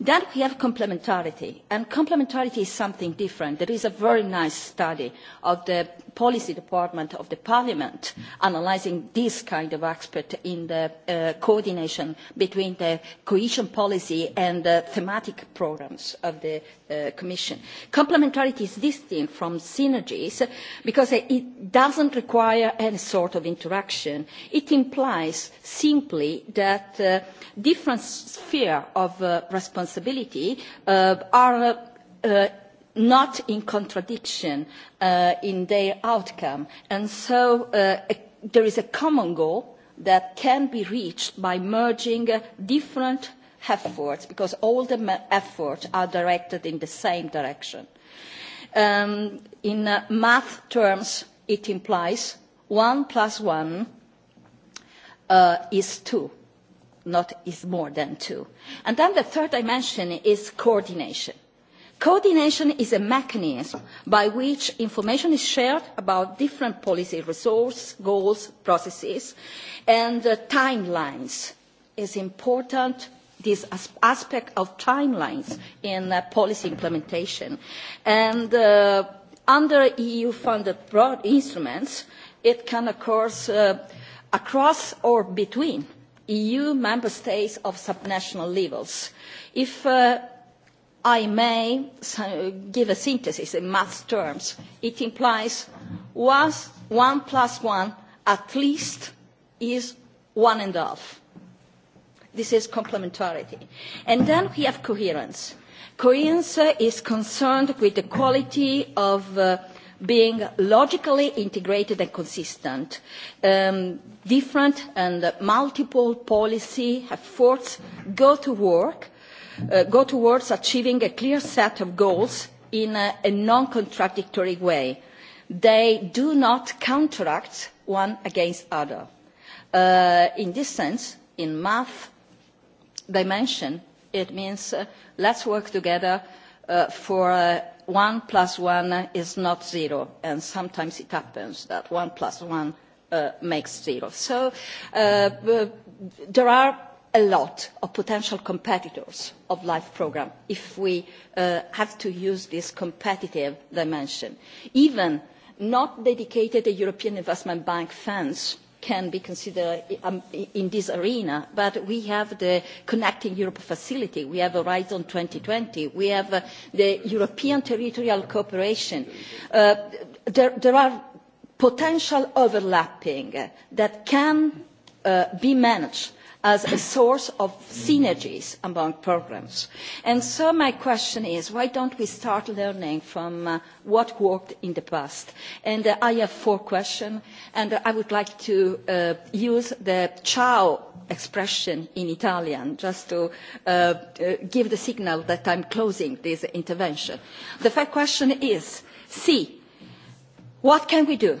Then we have complementarity, and complementarity is something different. There is a very nice study of the policy department of the parliament analysing this kind of aspect in the coordination between the cohesion policy and the thematic programmes of the Commission. Complementarity is distinct from synergies because it does not require any sort of interaction. It implies simply that different spheres of responsibility are not in contradiction in their outcome. And so there is a common goal that can be reached by merging different efforts, because all the efforts are directed in the same direction. in math terms, it implies one plus one is two, not is more than two. And then the third dimension is coordination. Coordination is a mechanism by which information is shared about different policy resources, goals, processes, and timelines is important this aspect of timelines in policy implementation. And under EU-funded broad instruments, it can occur across or between EU member states of subnational levels. If I may give a synthesis in math terms, it implies one plus one at least is one and a half This is complementarity. And then we have coherence. Coherence is concerned with the quality of being logically integrated and consistent. different and multiple policy efforts go to work, go towards achieving a clear set of goals in a, non-contradictory way. They do not counteract one against other. in this sense, in math, dimension, it means uh, let's work together uh, for uh, one plus one is not zero, and sometimes it happens that one plus one uh, makes zero. So uh, there are a lot of potential competitors of life programme if we uh, have to use this competitive dimension. Even not dedicated European Investment Bank funds can be considered in this arena, but we have the Connecting Europe facility, we have Horizon twenty, we have the European territorial cooperation. there, are potential overlapping that can be managed as a source of synergies among programmes. And so my question is, why don't we start learning from what worked in the past? And I have four questions, and I would like to use the ciao expression in Italian just to give the signal that I am closing this intervention. The first question is, C, what can we do?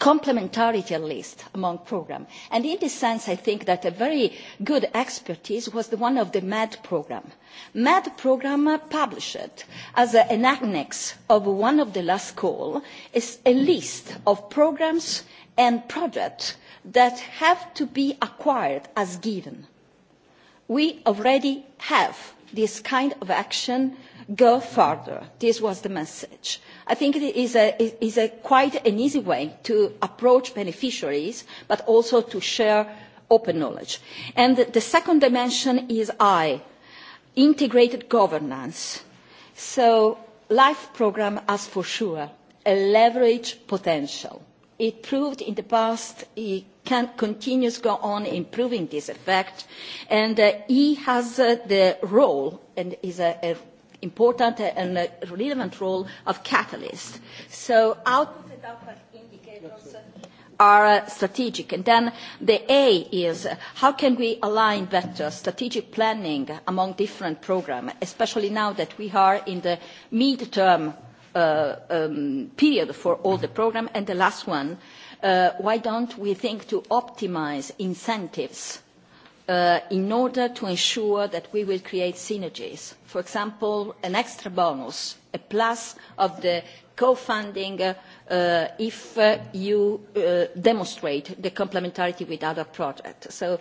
complementarity at least among programmes. And in this sense, I think that a very good expertise was the one of the MED programme. MED programme published as an annex of one of the last call is a list of programmes and projects that have to be acquired as given. We already have this kind of action go further. This was the message. I think it is, a, it is a quite an easy way to approach beneficiaries, but also to share open knowledge. And the second dimension is I, integrated governance. So life programme has for sure a leverage potential. It proved in the past it can continue to go on improving this effect. And uh, E has uh, the role and is a, a important and a relevant role of catalyst. So output the output indicators are strategic. And then the A is how can we align better strategic planning among different programs, especially now that we are in the mid-term uh, um, period for all the programs. And the last one why don't we think to optimise incentives in order to ensure that we will create synergies? For example, an extra bonus, a plus of the co-funding if you demonstrate the complementarity with other projects. So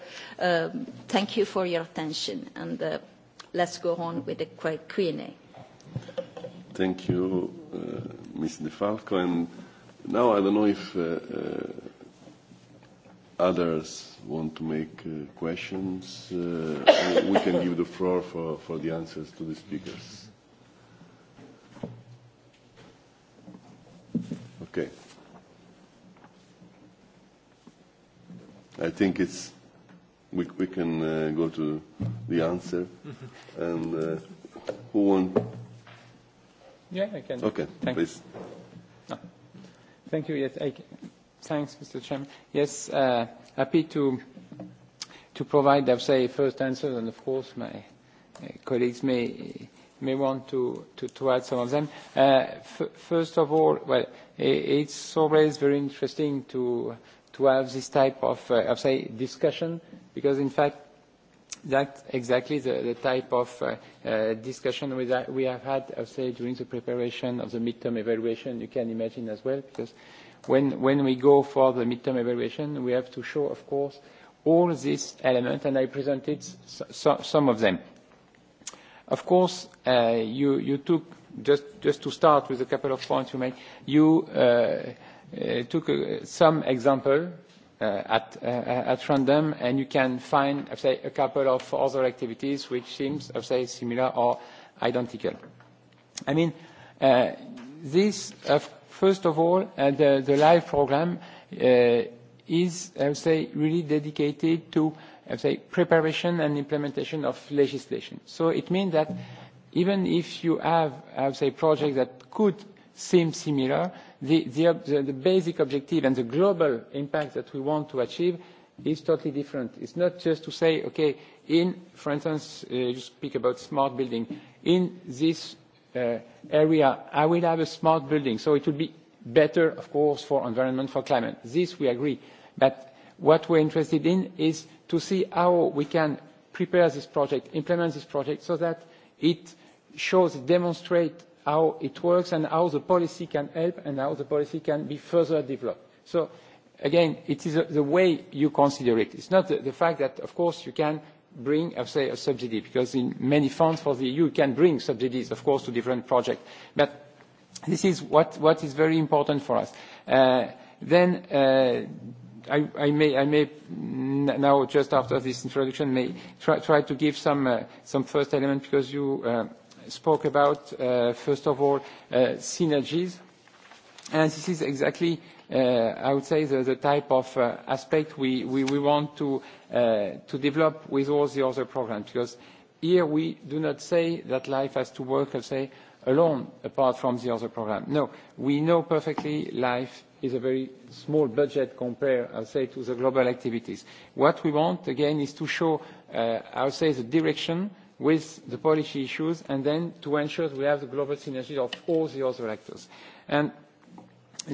thank you for your attention and let's go on with the Q&A. Thank you, Ms. And Now I don't know if uh, uh, others want to make uh, questions. Uh, we can give the floor for, for the answers to the speakers. Okay. I think it's we, we can uh, go to the answer. And uh, who won? Yeah, I can. Okay, Thanks. please. Thank you. Yes, I Thanks, Mr. Chairman. Yes, uh, happy to to provide, I would say, first answers, and of course, my colleagues may may want to to to add some of them. Uh f First of all, well, it's always very interesting to to have this type of, uh I say, discussion, because in fact, That's exactly the, the type of uh, uh, discussion we, that we have had, I say, during the preparation of the midterm evaluation, you can imagine as well, because when, when we go for the midterm evaluation, we have to show, of course, all these elements, and I presented so, so, some of them. Of course, uh, you, you took, just, just to start with a couple of points you made, you uh, uh, took uh, some example uh, at, uh, at random, and you can find I'd say, a couple of other activities which seems I'd say, similar or identical. I mean, uh, this, uh, first of all, uh, the, the live program uh, is, I would say, really dedicated to I would say, preparation and implementation of legislation. So it means that even if you have, I would say, projects that could seem similar, the, the, the basic objective and the global impact that we want to achieve is totally different. It's not just to say, okay, in, for instance, uh, you speak about smart building. In this uh, area, I will have a smart building, so it will be better, of course, for environment, for climate. This we agree. But what we're interested in is to see how we can prepare this project, implement this project, so that it shows, demonstrates how it works and how the policy can help and how the policy can be further developed. So again, it is the way you consider it. It's not the, the fact that, of course, you can bring, uh, say, a subsidy, because in many funds for the EU, you can bring subsidies, of course, to different projects. But this is what, what is very important for us. then I, I may, I may now, just after this introduction, may try, try to give some, uh, some first element, because you uh, spoke about, first of all, synergies. and This is exactly, I would say, the type of aspect we want to develop with all the other programs, because here we do not say that life has to work, let's say, alone apart from the other program. No, we know perfectly life is a very small budget compared, I'll say, to the global activities. What we want, again, is to show, I'll say, the direction with the policy issues and then to ensure that we have the global synergy of all the other actors. And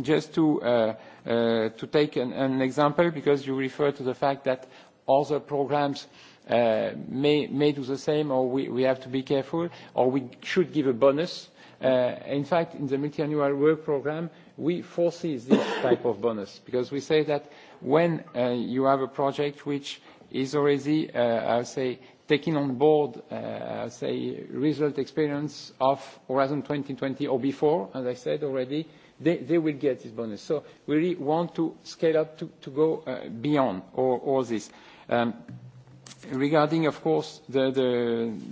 just to, to take an, example, because you refer to the fact that other programs may, do the same or we, we have to be careful or we should give a bonus. in fact, in the multi-annual work program, we foresee this type of bonus because we say that when you have a project which is already, I would say, taking on board, uh say, result experience of Horizon 2020 or before, as I said already, they they will get this bonus. So We really want to scale up to to go uh beyond all all this. Um Regarding, of course, the the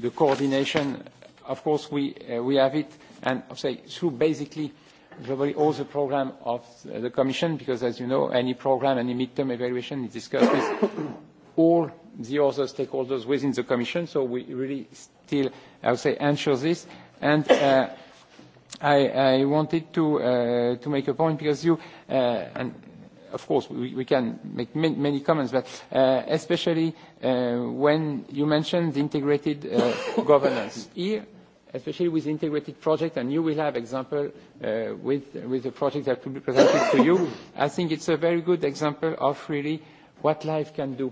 the coordination, of course, we uh we have it, and say, through basically globally all the program of the Commission, because as you know, any program, any midterm evaluation is discussed with all the other stakeholders within the Commission, so we really still, I would say, ensure this. And uh, I, I wanted to, uh, to make a point because you, uh, and of course, we, we can make many, many comments, but uh, especially uh, when you mentioned the integrated uh, governance. Here, especially with integrated project, and you will have example uh, with, with the project that will be presented to you. I think it's a very good example of really what life can do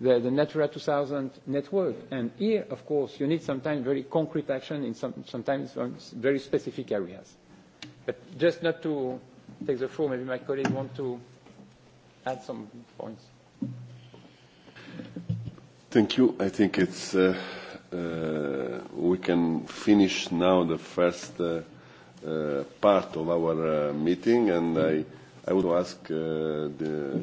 the, the Natura 2000 network. And here, of course, you need sometimes very concrete action in some, sometimes very specific areas. But just not to take the floor, maybe my colleague want to add some points. Thank you. I think it's, uh, uh, we can finish now the first uh, uh, part of our uh, meeting, and I, I would ask uh, the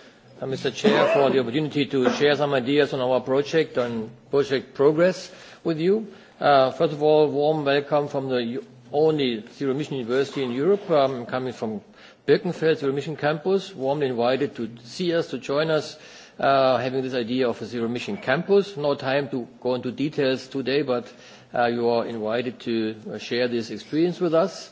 Mr. Chair, for the opportunity to share some ideas on our project and project progress with you. First of all, warm welcome from the only zero-emission university in Europe. I'm coming from Birkenfeld zero-emission campus, warmly invited to see us, to join us, having this idea of a zero-emission campus. No time to go into details today, but you are invited to share this experience with us.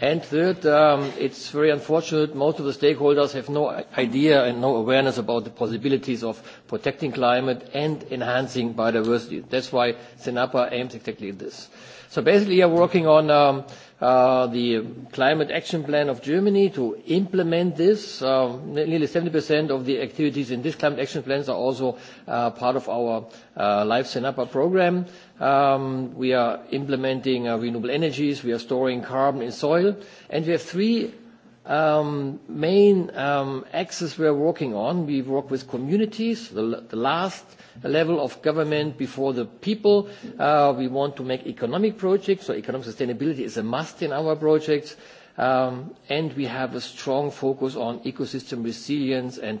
And third, um, it's very unfortunate most of the stakeholders have no idea and no awareness about the possibilities of protecting climate and enhancing biodiversity. That's why CENAPA aims exactly at this. So basically, we are working on um, uh, the climate action plan of Germany to implement this. Um, nearly 70% of the activities in this climate action plans are also uh, part of our uh, Life CENAPA program. We are implementing renewable energies. We are storing carbon in soil. and We have three main axes we are working on. We work with communities, the last level of government before the people. We want to make economic projects, so economic sustainability is a must in our projects. and We have a strong focus on ecosystem resilience and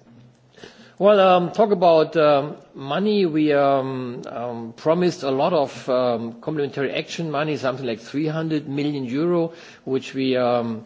Well, um, talk about um, money. We um, um, promised a lot of um, complementary action money, something like 300 million euro, which we um,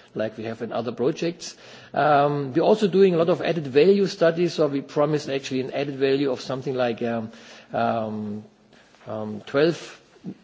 like we have in other projects. Um, we're also doing a lot of added value studies, so we promised actually an added value of something like um, um, 12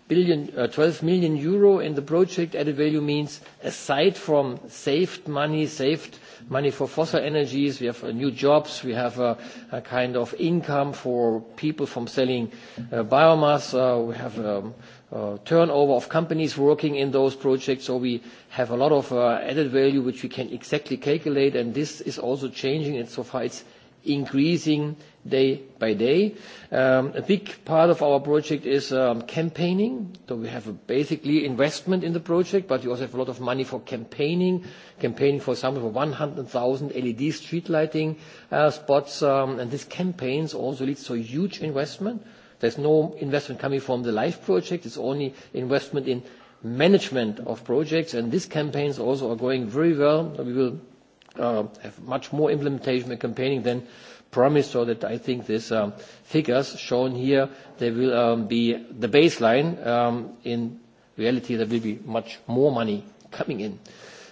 billion, 12 million euro in the project added value means aside from saved money, saved money for fossil energies, we have new jobs, we have a kind of income for people from selling biomass. We have a turnover of companies working in those projects. so We have a lot of added value, which we can exactly calculate, and this is also changing. and So far, it's increasing day by day. A big part of our project is campaigning. So we have a basically investment in the project, but we also have a lot of money for campaigning. Campaigning, for example, for 100,000 LED street lighting spots. And these campaigns also leads to a huge investment. There's no investment coming from the live project. It's only investment in management of projects, and these campaigns also are going very well. We will uh, have much more implementation and campaigning than promised, so that I think these um, figures shown here, they will um, be the baseline. Um, in reality, there will be much more money coming in.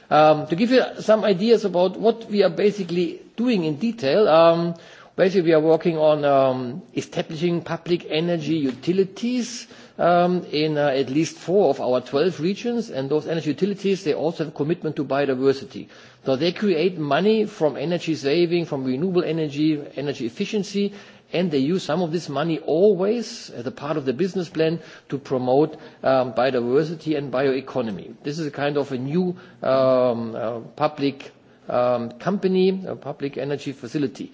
Um, to give you some ideas about what we are basically doing in detail, um, Basically, we are working on establishing public energy utilities um, in uh, at least four of our 12 regions, and those energy utilities, they also have a commitment to biodiversity. So they create money from energy saving, from renewable energy, energy efficiency, and they use some of this money always as a part of the business plan to promote um, biodiversity and bioeconomy. This is a kind of a new um, public um, company, a public energy facility.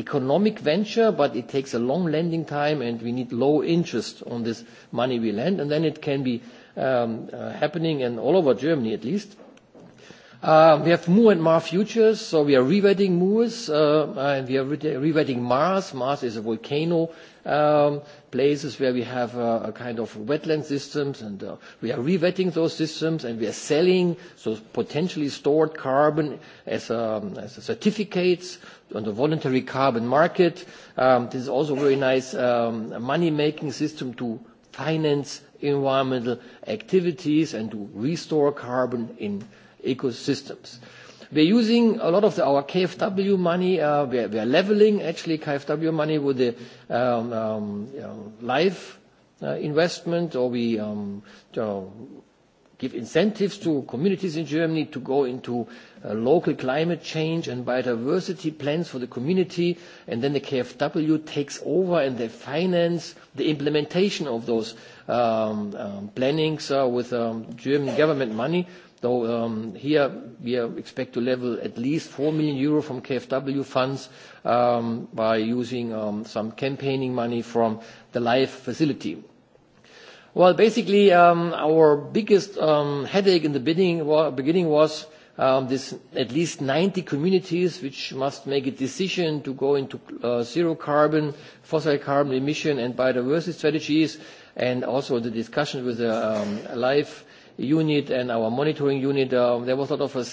economic venture, but it takes a long lending time, and we need low interest on this money we lend, and then it can be um, uh, happening in all over Germany at least. Uh, we have Moore and Mar futures, so we are rewetting Moors, uh, and we are rewetting Mars. Mars is a volcano um, places where we have uh, a kind of wetland systems, and uh, we are rewetting those systems, and we are selling so potentially stored carbon as, um, as certificates on the voluntary carbon market. Um, this is also a very nice um, money-making system to finance environmental activities and to restore carbon in ecosystems. We're using a lot of the, our KfW money. Uh, we, are, we are leveling actually KfW money with the um, um, you know, life uh, investment, or we um, you know, give incentives to communities in Germany to go into local climate change and biodiversity plans for the community, and then the KfW takes over and they finance the implementation of those um, um, plannings uh, with um, German government money. Though um, here we expect to level at least 4 million euro from KfW funds um, by using um, some campaigning money from the LIFE facility. Well, basically, um, our biggest um, headache in the beginning, beginning was um, this at least 90 communities which must make a decision to go into uh, zero carbon, fossil carbon emission and biodiversity strategies and also the discussion with the um, LIFE unit and our monitoring unit, there was a lot of uh,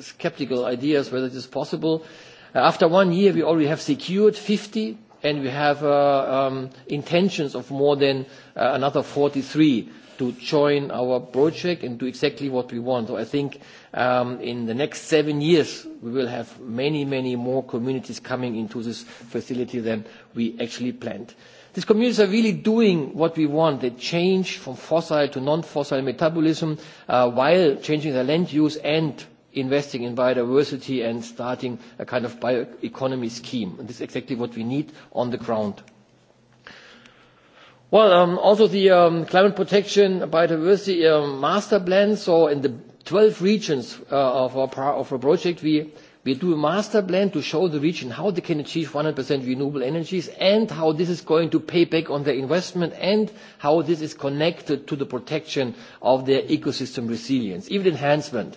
skeptical ideas whether this is possible. After one year, we already have secured 50, and we have uh, um, intentions of more than uh, another 43 to join our project and do exactly what we want. So I think um, in the next seven years we will have many, many more communities coming into this facility than we actually planned. These communities are really doing what we want. They change from fossil to non-fossil metabolism while changing their land use and investing in biodiversity and starting a kind of bioeconomy scheme. And this is exactly what we need on the ground. Well, um, also the um, climate protection biodiversity um, master plan. So in the 12 regions uh, of, our pro- of our project, we, we do a master plan to show the region how they can achieve 100% renewable energies and how this is going to pay back on their investment and how this is connected to the protection of their ecosystem resilience, even enhancement.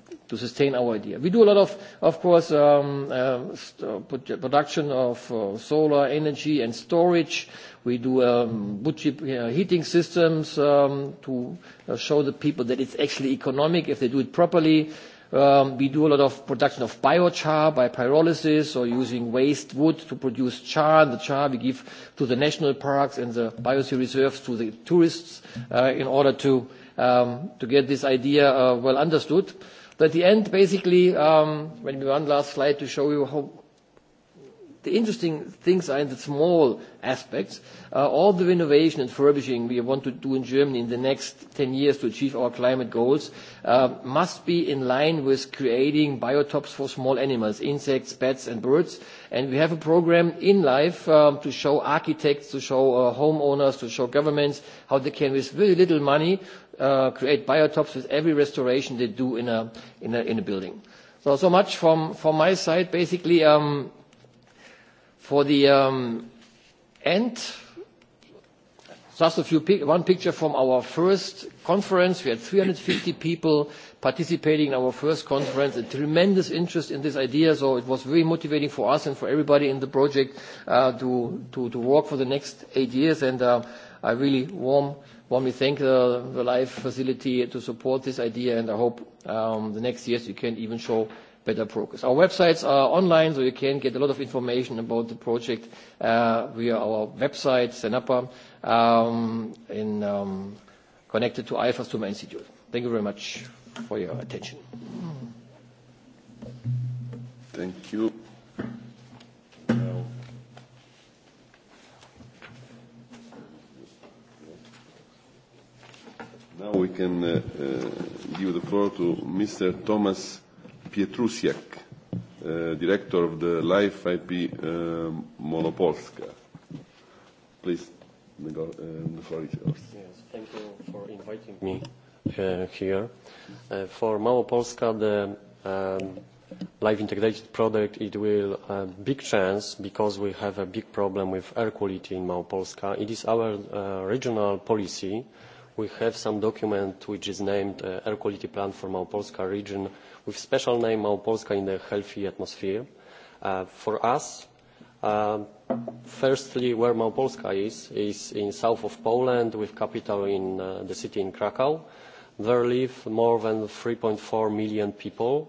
to sustain our idea. We do a lot of, of course, um, uh, production of uh, solar energy and storage. We do um, wood chip heating systems um, to uh, show the people that it's actually economic if they do it properly. Um, we do a lot of production of biochar by pyrolysis or using waste wood to produce char. The char we give to the national parks and the biosphere reserves to the tourists uh, in order to, um, to get this idea uh, well understood. So at the end, basically, um, when we one last slide to show you how the interesting things are in the small aspects. Uh, all the renovation and furbishing we want to do in Germany in the next 10 years to achieve our climate goals uh, must be in line with creating biotopes for small animals, insects, bats and birds. And we have a program in life um, to show architects, to show uh, homeowners, to show governments how they can, with very little money, uh, create biotopes with every restoration they do in a, in a, in a building. So, so much from, from my side, basically, um, for the um, end, just a few, one picture from our first conference. We had 350 people participating in our first conference, a tremendous interest in this idea, so it was very motivating for us and for everybody in the project uh, to, to, to work for the next eight years, and uh, I really warm Warmly thank the, the LIFE facility to support this idea, and I hope um, the next years you can even show better progress. Our websites are online, so you can get a lot of information about the project uh, via our website, CENAPA, um, in, um, connected to IFA Summer Institute. Thank you very much for your attention. Thank you. Now we can uh, give the floor to Mr. Thomas Pietrusiak, uh, director of the Life IP uh, Monopolska. Please, the, uh, the floor is yours. Yes, thank you for inviting me uh, here. Uh, for Małopolska, the um, live integrated product, it will a big chance because we have a big problem with air quality in Małopolska. It is our uh, regional policy we have some document which is named Air Quality Plan for Małopolska Region with special name Małopolska in a Healthy Atmosphere. for us, firstly, where Małopolska is, is in south of Poland with capital in the city in Krakow. There live more than 3.4 million people.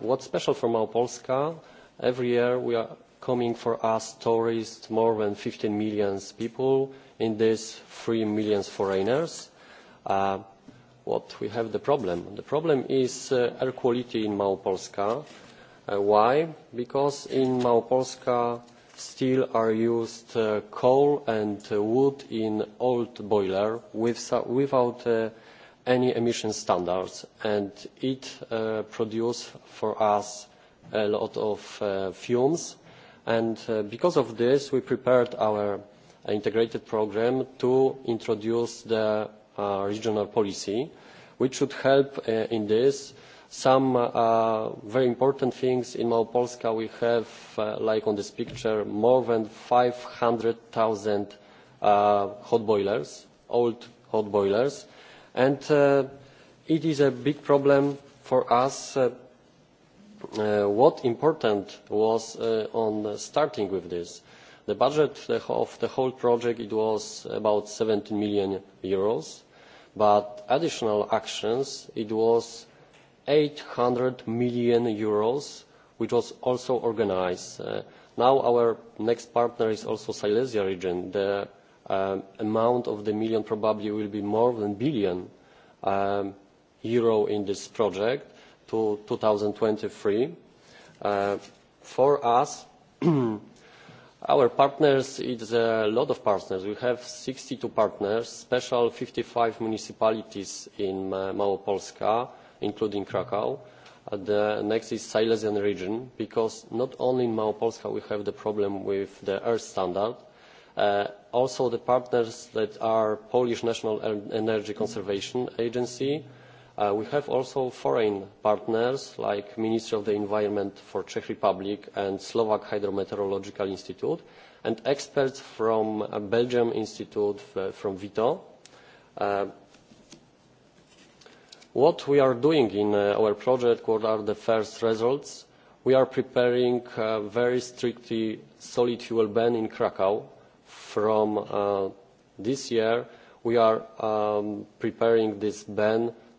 what's special for Małopolska? Every year we are coming for us tourists, more than 15 million people, in this 3 million foreigners. Uh, what we have the problem? The problem is uh, air quality in Małopolska. Uh, why? Because in Małopolska still are used uh, coal and uh, wood in old boiler with, without uh, any emission standards and it uh, produces for us a lot of uh, fumes and because of this we prepared our integrated programme to introduce the regional policy which should help in this. some very important things in małopolska we have like on this picture more than five hundred thousand hot boilers old hot boilers and it is a big problem for us what important was on starting with this. The budget of the whole project it was about 17 million euros, but additional actions it was 800 million euros, which was also organised. Now our next partner is also Silesia region. The amount of the million probably will be more than billion euro in this project to 2023. For us, our partners, it's a lot of partners. We have 62 partners, special 55 municipalities in Małopolska, including Kraków. The next is Silesian region, because not only in Małopolska we have the problem with the air standard, also the partners that are Polish National Energy Conservation Agency, we have also foreign partners like the ministry of the environment for the czech republic and the slovak hydrometeorological institute and experts from the belgian institute from vito. what we are doing in our project what are the first results? we are preparing a very strict solid fuel ban in krakow from this year. we are preparing this ban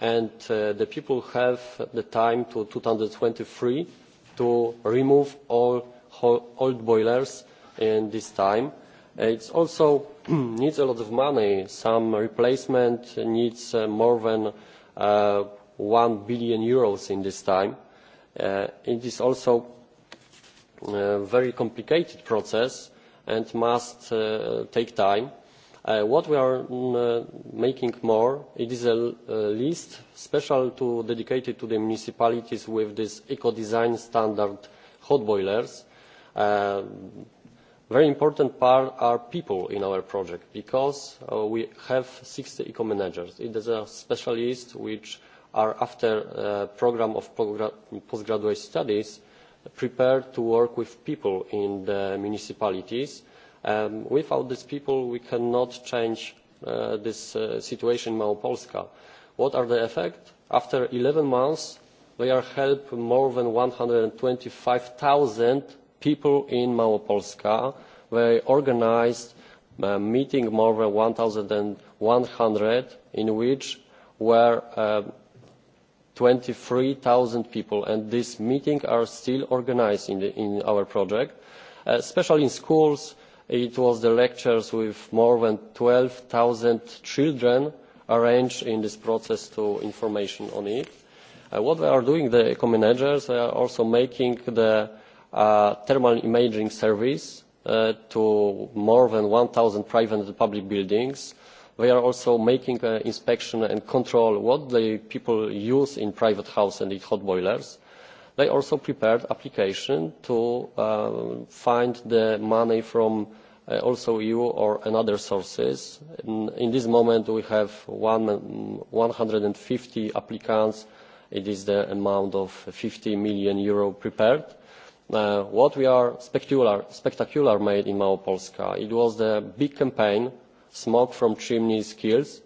and the people have the time to two thousand and twenty three to remove all old boilers in this time. It also needs a lot of money. Some replacement needs more than EUR one billion in this time. It is also a very complicated process and must take time what we are making more it is a list to dedicated to the municipalities with these eco design standard hot boilers. a very important part are people in our project because we have sixty eco managers. It is a specialist which are after a programme of postgraduate studies prepared to work with people in the municipalities without these people we cannot change this situation in małopolska. what are the effects? after eleven months they are helping more than one hundred and twenty five thousand people in małopolska. they organised a meeting more than one one hundred in which were twenty three thousand people and these meetings are still organised in our project especially in schools it was the lectures with more than twelve 12,000 children arranged in this process to information on it. what they are doing, the eco-managers, they are also making the uh thermal imaging service to more than 1,000 private and public buildings. They are also making uh, inspection and control what the people use in private house and in hot boilers they also prepared application to uh find the money from also eu or other sources. at this moment we have one hundred and fifty applicants it is the amount of eur fifty million prepared. what we are spectacular made in małopolska it was the big campaign smoke from chimneys kills'.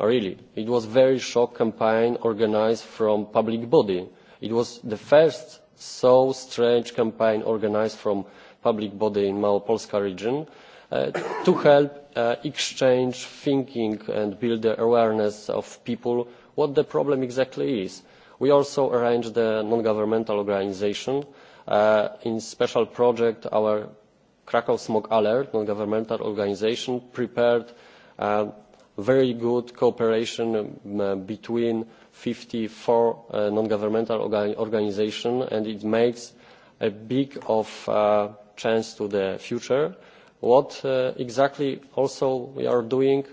really it was a very short campaign organised from a public body. it was the first so strange campaign organised public body in Małopolska region to help exchange thinking and build the awareness of people what the problem exactly is. We also arranged a non-governmental organisation in special project our Krakow Smog Alert non-governmental organisation prepared very good cooperation between fifty four non-governmental organisations and it makes a big of chance to the future, what exactly also we are doing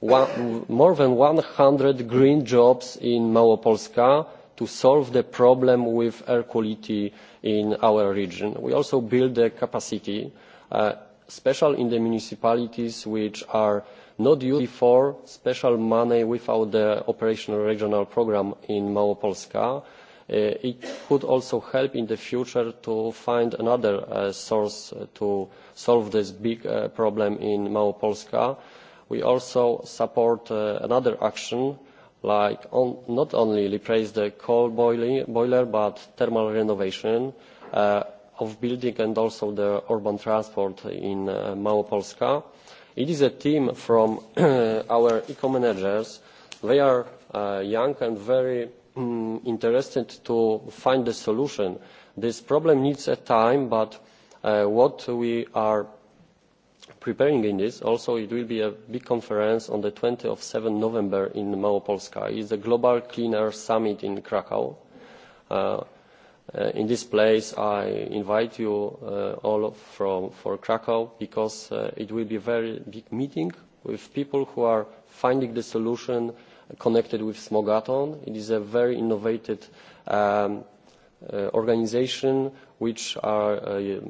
more than one hundred green jobs in Małopolska to solve the problem with air quality in our region. We also build the capacity, special in the municipalities which are not used for special money without the operational regional programme in Małopolska it could also help in the future to find another source to solve this big problem in małopolska. we also support another action like not only replace the coal boiler but thermal renovation of buildings and also the urban transport in małopolska. it is a team from our eco managers. they are young and very interested to find a solution. This problem needs a time, but what we are preparing in this also it will be a big conference on the 20 of 7 November in Małopolska. It's a global clean air summit in Krakow. in this place, I invite you all from for Krakow because it will be a very big meeting with people who are finding the solution connected with Smogaton. It is a very innovative um, uh, organization which are uh,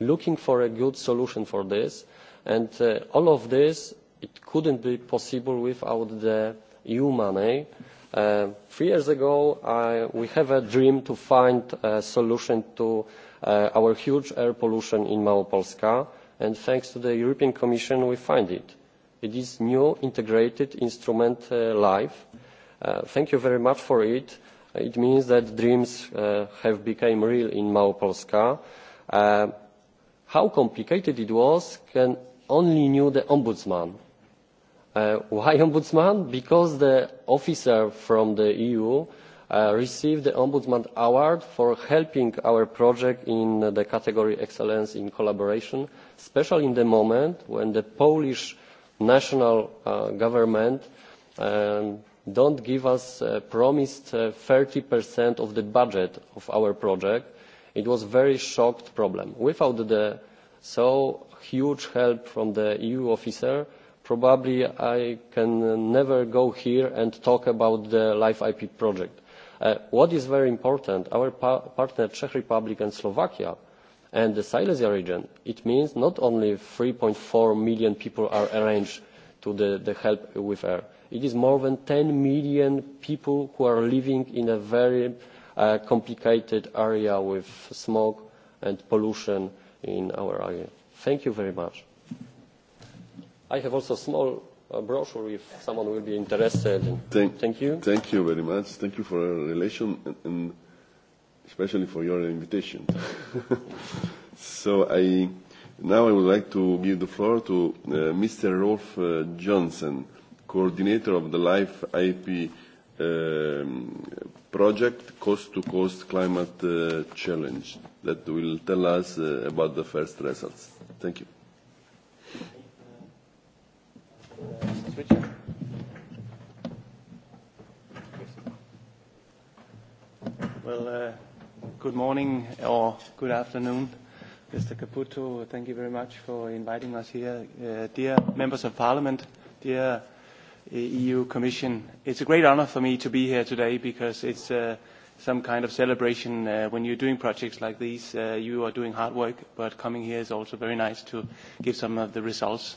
looking for a good solution for this. And uh, all of this, it couldn't be possible without the EU money. Uh, three years ago, I, we have a dream to find a solution to uh, our huge air pollution in Małopolska. And thanks to the European Commission, we find it it is new integrated instrument live. thank you very much for it. It means that dreams have become real in Małopolska. how complicated it was can only knew the ombudsman. why ombudsman? Because the officer from the EU received the Ombudsman Award for helping our project in the category Excellence in Collaboration, especially in the moment when the Polish national uh government don't give us uh promised 30% of the budget of our project. It was a very shocked problem. Without the so huge help from the EU officer, probably I can never go here and talk about the LIFE IP project. what is very important, our partner Czech Republic and Slovakia and the silesia region it means not only. three four million people are arranged to the, the help with air it is more than ten million people who are living in a very uh, complicated area with smog and pollution in our area. Thank you very much. I have also a small uh, brochure if someone will be interested. Thank, thank you. Thank you very much. Thank you for our relation. And, and especially for your invitation. so I, now I would like to give the floor to uh, Mr. Rolf uh, Johnson, coordinator of the LIFE IP um, project, Coast to Coast Climate uh, Challenge, that will tell us uh, about the first results. Thank you. Well, uh, Good morning or good afternoon, Mr. Caputo. Thank you very much for inviting us here. Dear members of parliament, dear EU Commission, it's a great honor for me to be here today because it's some kind of celebration. When you're doing projects like these, you are doing hard work, but coming here is also very nice to give some of the results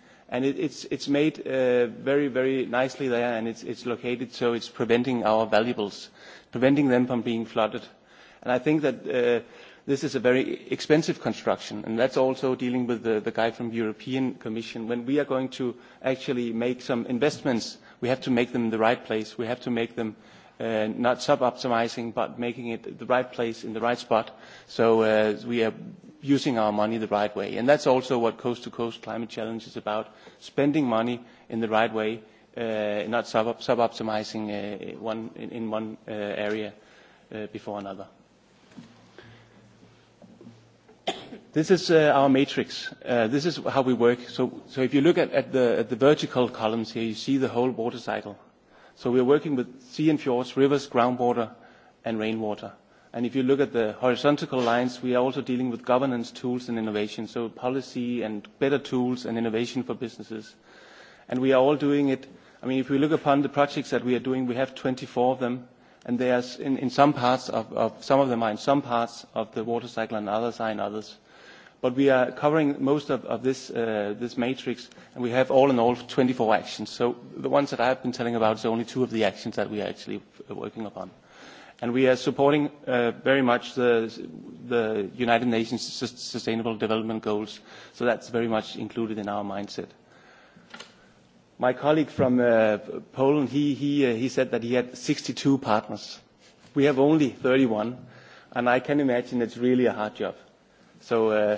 and it, it's it's made uh, very very nicely there, and it's it's located so it's preventing our valuables, preventing them from being flooded, and I think that. Uh, this is a very expensive construction, and that's also dealing with the, the guy from the European Commission. When we are going to actually make some investments, we have to make them in the right place. We have to make them uh, not sub-optimizing, but making it the right place in the right spot. So uh, we are using our money the right way. And that's also what Coast to Coast Climate Challenge is about, spending money in the right way, uh, not sub sub-optimizing uh, one, in, in one uh, area uh, before another. This is uh, our matrix. Uh, this is how we work. So, so if you look at, at, the, at the vertical columns here, you see the whole water cycle So we are working with sea and fjords, rivers, groundwater, and rainwater. And if you look at the horizontal lines, we are also dealing with governance tools and innovation, so policy and better tools and innovation for businesses. And we are all doing it. I mean, if we look upon the projects that we are doing, we have 24 of them, and there's in, in some parts of, of some of them are in some parts of the water cycle, and others are in others. But we are covering most of, of this, uh, this matrix, and we have all in all 24 actions. So the ones that I've been telling about is only two of the actions that we are actually working upon. And we are supporting uh, very much the, the United Nations Sustainable Development Goals, so that's very much included in our mindset my colleague from uh, Poland, he, he, uh, he said that he had 62 partners. We have only 31, and I can imagine it's really a hard job. So uh,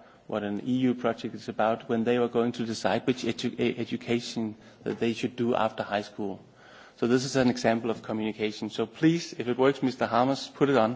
what an EU project is about when they were going to decide which edu- education that they should do after high school. So this is an example of communication. So please, if it works, Mr. Hamas, put it on.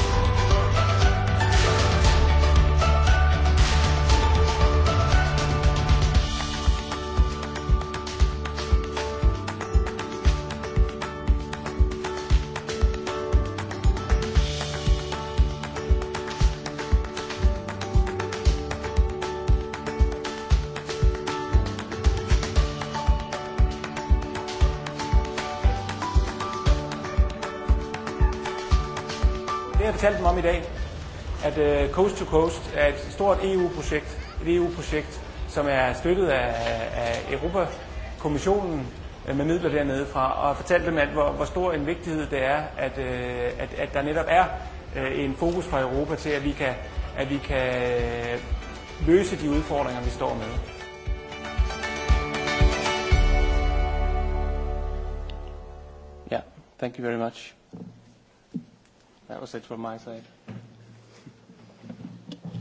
at øh, Coast to Coast er et stort EU-projekt, et EU-projekt, som er støttet af, af Europakommissionen øh, med midler dernede fra, og har fortalt dem, at hvor, hvor stor en vigtighed det er, at, øh, at, at der netop er øh, en fokus fra Europa til, at vi kan, at vi kan løse de udfordringer, vi står med. Yeah, thank you very much. That was it from my side.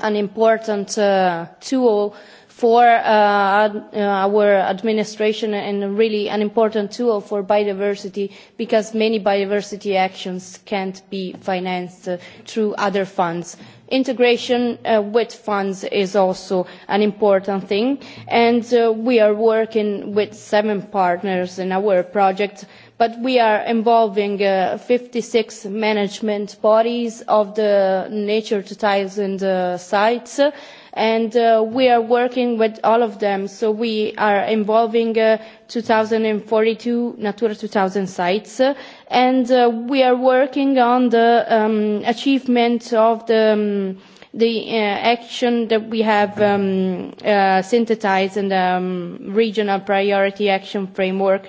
an important uh, tool for uh, our administration and really an important tool for biodiversity because many biodiversity actions can't be financed uh, through other funds. Integration uh, with funds is also an important thing and uh, we are working with seven partners in our project uh, but we are involving uh, 56 management bodies of the Nature 2000 uh, sites, and uh, we are working with all of them. So we are involving uh, 2042 Natura 2000 sites, and uh, we are working on the um, achievement of the um, the uh, action that we have um, uh, synthesized in the um, regional priority action framework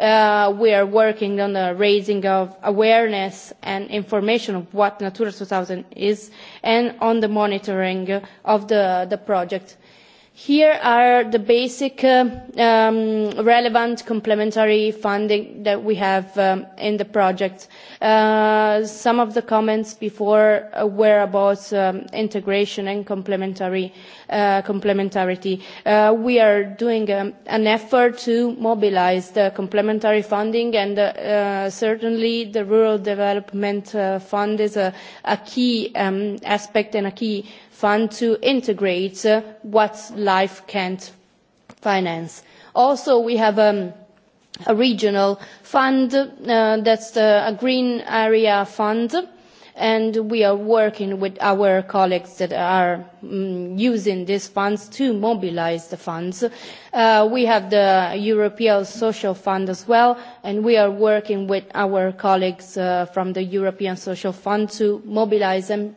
uh, we are working on the raising of awareness and information of what Natura 2000 is and on the monitoring of the, the project Here are the basic relevant complementary funding that we have in the project. some of the comments before were about integration and complementarity. we are doing an effort to mobilise the complementary funding and certainly the Rural Development Fund is a, key aspect and a key fund to integrate what life can't finance. Also, we have a regional fund, that's a green area fund, and we are working with our colleagues that are using these funds to mobilise the funds. we have the European Social Fund as well, and we are working with our colleagues from the European Social Fund to mobilise them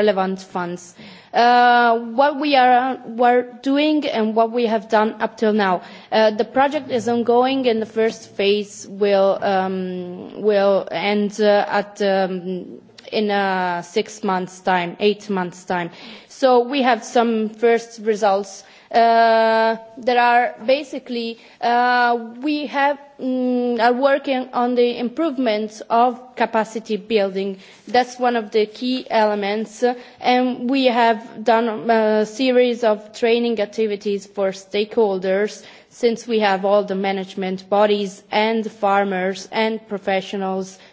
relevant funds. what we are were doing and what we have done up till now. the project is ongoing and the first phase will, um, will end at um, in uh, six months' time, eight months' time. So we have some first results there are basically uh, we have um, are working on the improvements of capacity building. That's one of the key elements, and we have done a series of training activities for stakeholders since we have all the management bodies and farmers and professionals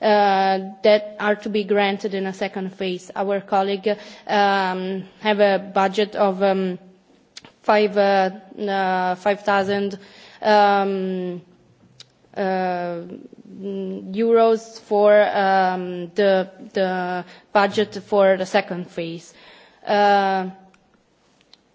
uh, that are to be granted in a second phase. Our colleague um, have a budget of um, five uh, uh, thousand. Um, uh, euros for um, the, the budget for the second phase. Uh,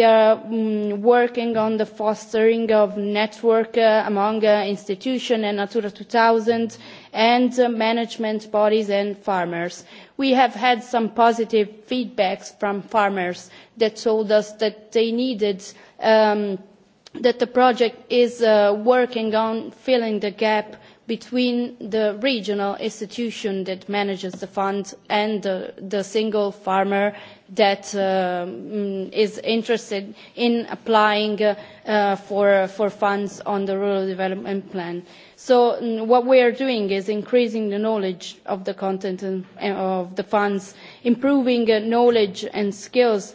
They are um, working on the fostering of network uh, among uh, institutions and Natura 2000 and uh, management bodies and farmers. We have had some positive feedbacks from farmers that told us that they needed um, that the project is uh, working on filling the gap between the regional institution that manages the fund and the, the single farmer that is interested in applying uh, for, for funds on the rural development plan. So what we are doing is increasing the knowledge of the content and, of the funds, improving knowledge and skills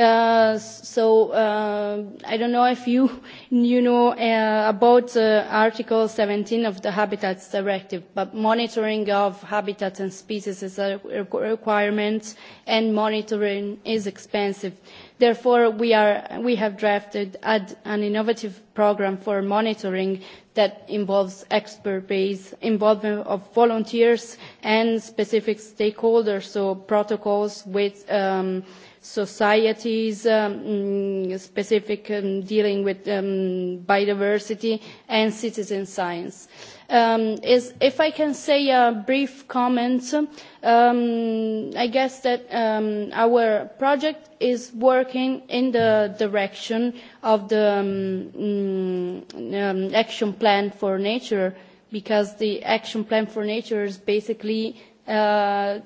Uh, so uh, I don't know if you you know uh, about uh, Article 17 of the Habitats Directive, but monitoring of habitats and species is a requirement, and monitoring is expensive Therefore, we, are, we have drafted ad, an innovative programme for monitoring that involves expert-based involvement of volunteers and specific stakeholders, so protocols with um, societies, um, specific um, dealing with um, biodiversity and citizen science. Uh, um, is if I can say a brief comment, um, I guess that um, our project is working in the direction of the um, um, action plan for nature because the action plan for nature is basically uh,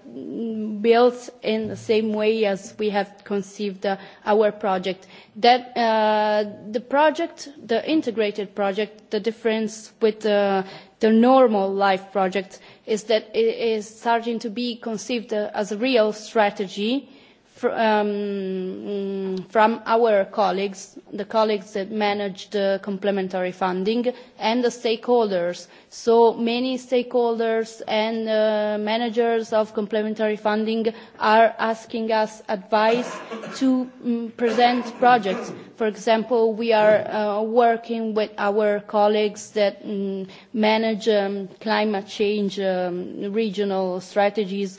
built in the same way as we have conceived uh, our project. That uh, the project, the integrated project, the difference with the the normal life project is that it is starting to be conceived as a real strategy from our colleagues, the colleagues that manage the complementary funding, and the stakeholders. So many stakeholders and managers of complementary funding are asking us advice to present projects. For example, we are working with our colleagues that manage climate change regional strategies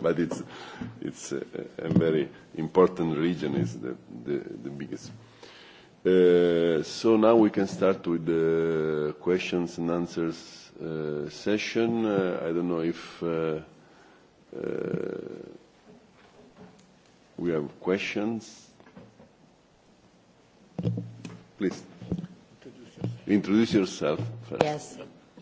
but it's it's a, a very important region. It's the the, the biggest. Uh, so now we can start with the questions and answers uh, session. Uh, I don't know if uh, uh, we have questions. Please introduce yourself first. Yes.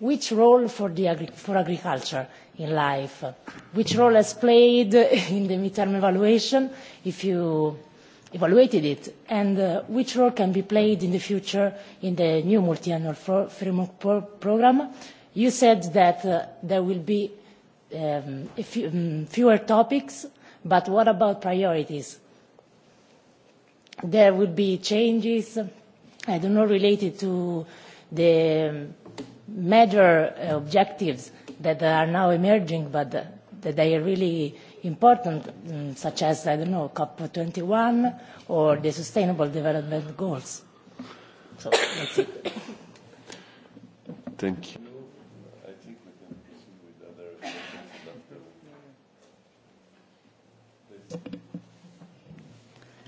which role for, the agri for agriculture in life, which role has played in the midterm evaluation, if you evaluated it, and uh, which role can be played in the future in the new multi-annual framework pro program. You said that uh, there will be um, a few, um, fewer topics, but what about priorities? There will be changes, I don't know, related to the major objectives that are now emerging, but that they are really important, such as, I don't know, COP21 or the Sustainable Development Goals. So that's it. Thank you.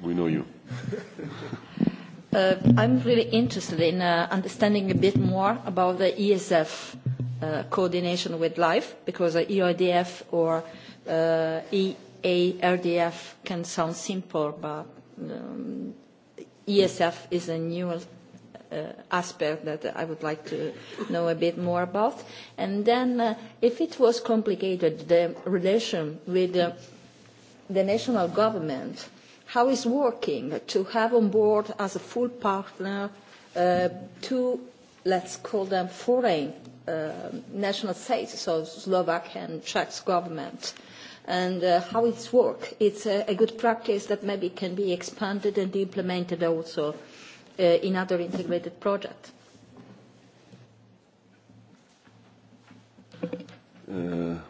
We know you. I'm really interested in uh, understanding a bit more about the ESF uh, coordination with LIFE because the EIDF or uh, EARDF can sound simple, but um, ESF is a new uh, aspect that I would like to know a bit more about. And then uh, if it was complicated, the relation with uh, the national government, uh, how is working to have on board as a full partner uh, two, let's call them foreign uh, national states, so Slovak and Czech government, and uh, how it's work. It's a, a good practice that maybe can be expanded and implemented also uh, in other integrated projects. Uh,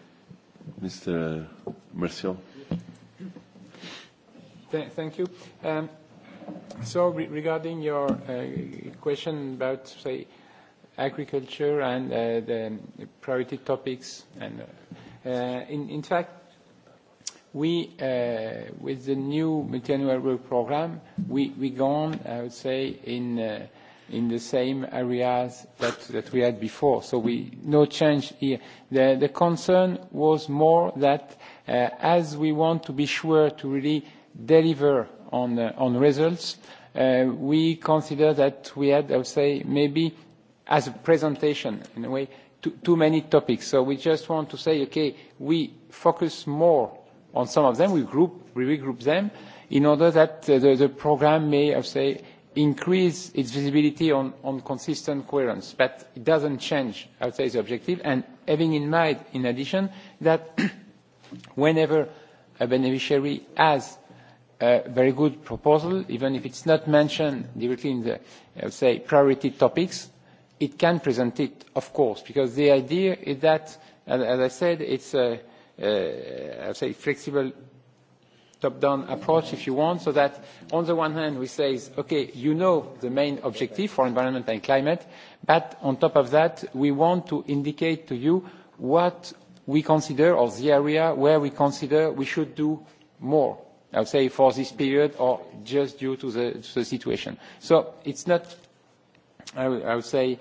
Mr. Mercier. Thank you. So regarding your question about, say, agriculture and the priority topics, and in fact, we with the new multi-annual work program, we we gone, I would say, in in the same areas that that we had before. So we no change here. The the concern was more that, as we want to be sure to really deliver on results, we consider that we had, I would say, maybe as a presentation, in a way, too many topics. So we just want to say, okay, we focus more on some of them. We group, we regroup them in order that the program may, I would say, increase its visibility on consistent coherence. But it doesn't change, I would say, the objective. And having in mind, in addition, that whenever a beneficiary has a very good proposal, even if it's not mentioned directly in the, I would say, priority topics, it can present it, of course, because the idea is that, as I said, it's a, I would say, flexible top-down approach, if you want, so that on the one hand, we say, "Okay, you know the main objective for environment and climate, but on top of that, we want to indicate to you what we consider or the area where we consider we should do more." I would say, for this period or just due to the, to the situation. So it's not, I would, say,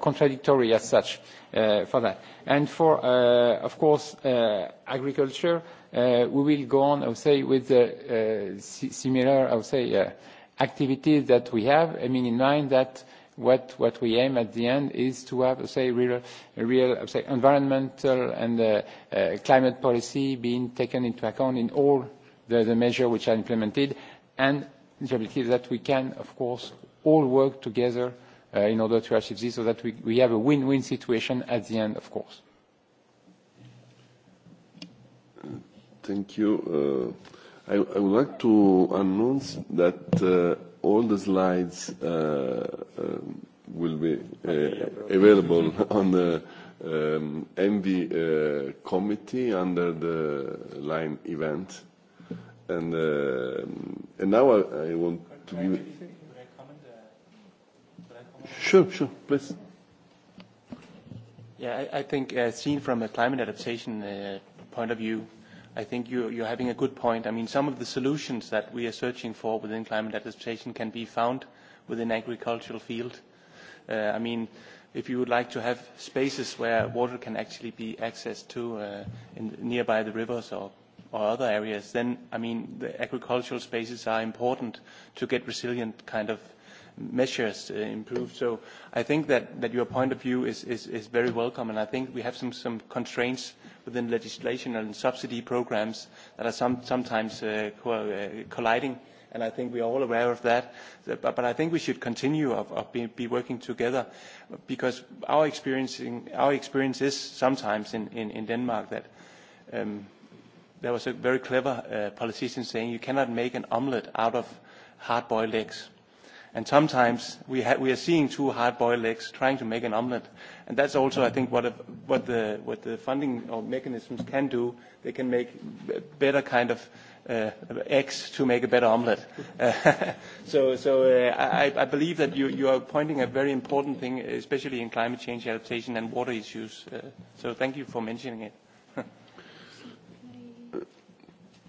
contradictory as such for that. And for, uh, of course, uh, agriculture, uh, we will go on, I would say, with the uh, similar, I would say, activity activities that we have, I mean, in mind that what what we aim at the end is to have, say, real real say environmental and uh uh climate policy being taken into account in all the, the measures which are implemented. And the objective that we can, of course, all work together uh, in order to achieve this so that we, we have a win-win situation at the end, of course. Thank you. Uh, I, I would like to announce that uh, all the slides uh, will be uh, available on the um, MV uh, committee under the line event And, uh, and now I, I want to be. Sure, sure, please. Yeah, I, I think uh, seen from a climate adaptation uh, point of view, I think you're, you're having a good point. I mean, some of the solutions that we are searching for within climate adaptation can be found within agricultural field. Uh, I mean, if you would like to have spaces where water can actually be accessed to uh, in, nearby the rivers or or other areas, then, I mean, the agricultural spaces are important to get resilient kind of measures improved. So I think that, that your point of view is, is, is very welcome, and I think we have some, some constraints within legislation and subsidy programs that are some, sometimes uh, colliding, and I think we are all aware of that. But, but I think we should continue of, of be, be working together, because our, experiencing, our experience is sometimes in, in, in Denmark that um, there was a very clever uh, politician saying you cannot make an omelette out of hard-boiled eggs. And sometimes we, ha- we are seeing two hard-boiled eggs trying to make an omelette. And that's also, I think, what, a, what, the, what the funding or mechanisms can do. They can make better kind of uh, eggs to make a better omelette. so so uh, I, I believe that you, you are pointing a very important thing, especially in climate change adaptation and water issues. Uh, so thank you for mentioning it.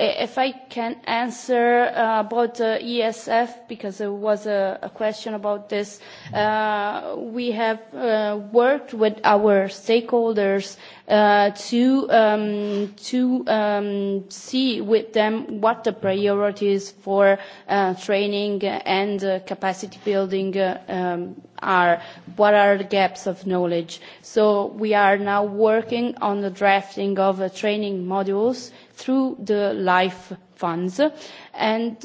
If I can answer about the ESF, because there was a question about this. We have worked with our stakeholders to see with them what the priorities for training and capacity building are, what are the gaps of knowledge. So we are now working on the drafting of training modules through the life funds. And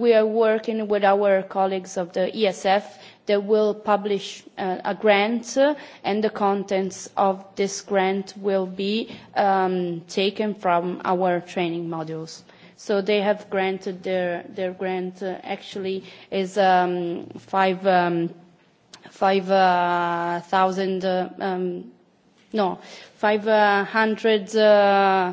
we are working with our colleagues of the ESF that will publish a grant and the contents of this grant will be um taken from our training modules. So they have granted their, their grant uh, actually is um, five, um, five uh, thousand, uh, um, no, five uh, hundred uh,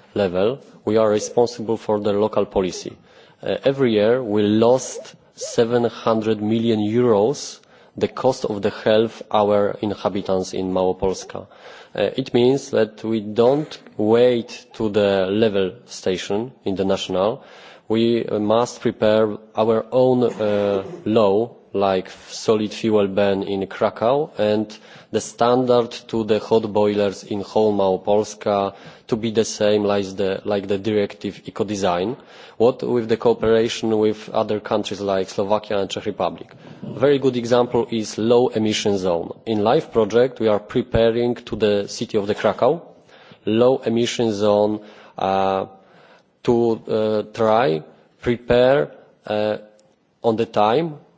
level we are responsible for the local policy. every year we lost eur seven hundred million the cost of the health of our inhabitants in Małopolska. it means that we don't wait to the level station in the national. We must prepare our own law, like solid fuel ban in Krakow and the standard to the hot boilers in whole Polska to be the same like the directive eco design what with the cooperation with other countries like slovakia and czech republic. a very good example is the low emission zone. in the life project we are preparing to the city of krakow a low emission zone to try to prepare on time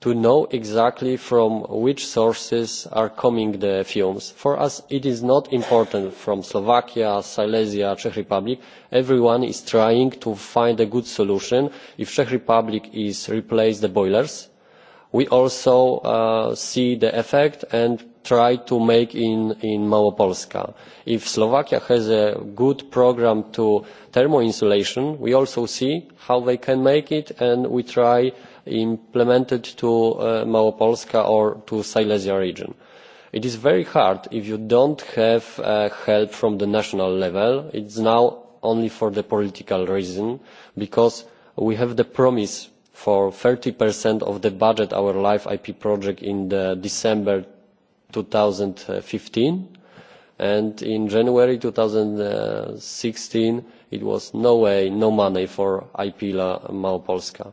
to know exactly from which sources are coming the fumes. for us it is not important from slovakia silesia or the czech republic. everyone is trying to find a good solution. if the czech republic is replace the boilers we also see the effect and try to make it in małopolska. if slovakia has a good programme for thermo insulation we also see how they can make it and we implemented to małopolska or to silesia region. it is very hard if you do not have help from the national level. it is now only for the political reason because we have the promise for 30% of the budget our life ip project in december two thousand and fifteen and in january two thousand and sixteen it was no way no money for ip małopolska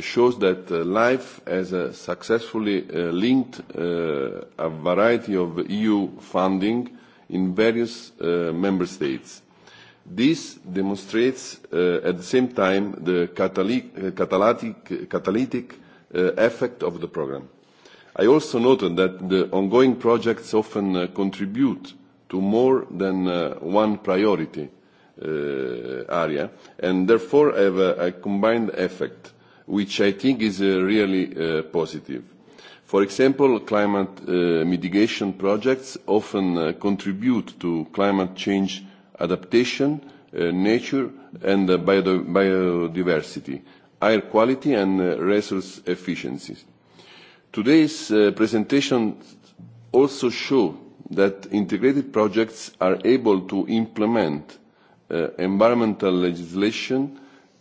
shows that uh, life has uh, successfully uh, linked uh, a variety of EU funding in various uh, member states. This demonstrates uh, at the same time the catalytic, catalytic, catalytic uh, effect of the programme. I also noted that the ongoing projects often uh, contribute to more than uh, one priority uh, area and therefore have a, a combined effect which I think is really positive. For example, climate mitigation projects often contribute to climate change adaptation, nature and biodiversity, air quality and resource efficiencies. Today's presentation also show that integrated projects are able to implement environmental legislation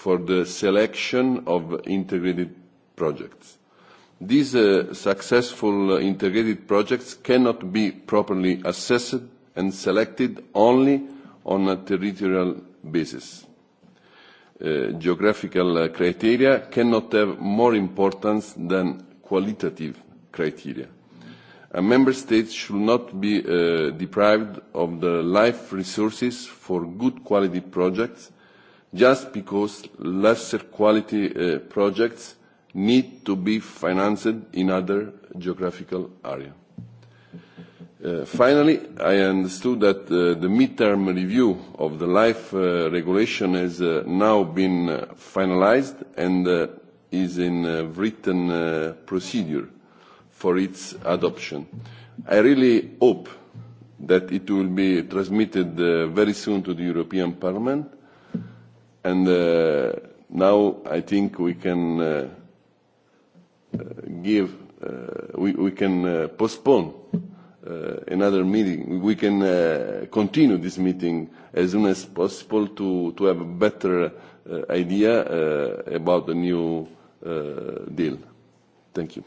for the selection of integrated projects. These uh, successful integrated projects cannot be properly assessed and selected only on a territorial basis. Uh, geographical uh, criteria cannot have more importance than qualitative criteria. A member state should not be uh, deprived of the life resources for good quality projects just because lesser quality uh, projects need to be financed in other geographical areas. Uh, finally, I understood that uh, the midterm review of the life uh, regulation has uh, now been uh, finalized and uh, is in written uh, procedure for its adoption. I really hope that it will be transmitted uh, very soon to the European Parliament And uh, now I think we can uh, give, uh, we, we can uh, postpone uh, another meeting. We can uh, continue this meeting as soon as possible to, to have a better uh, idea uh, about the new uh, deal. Thank you.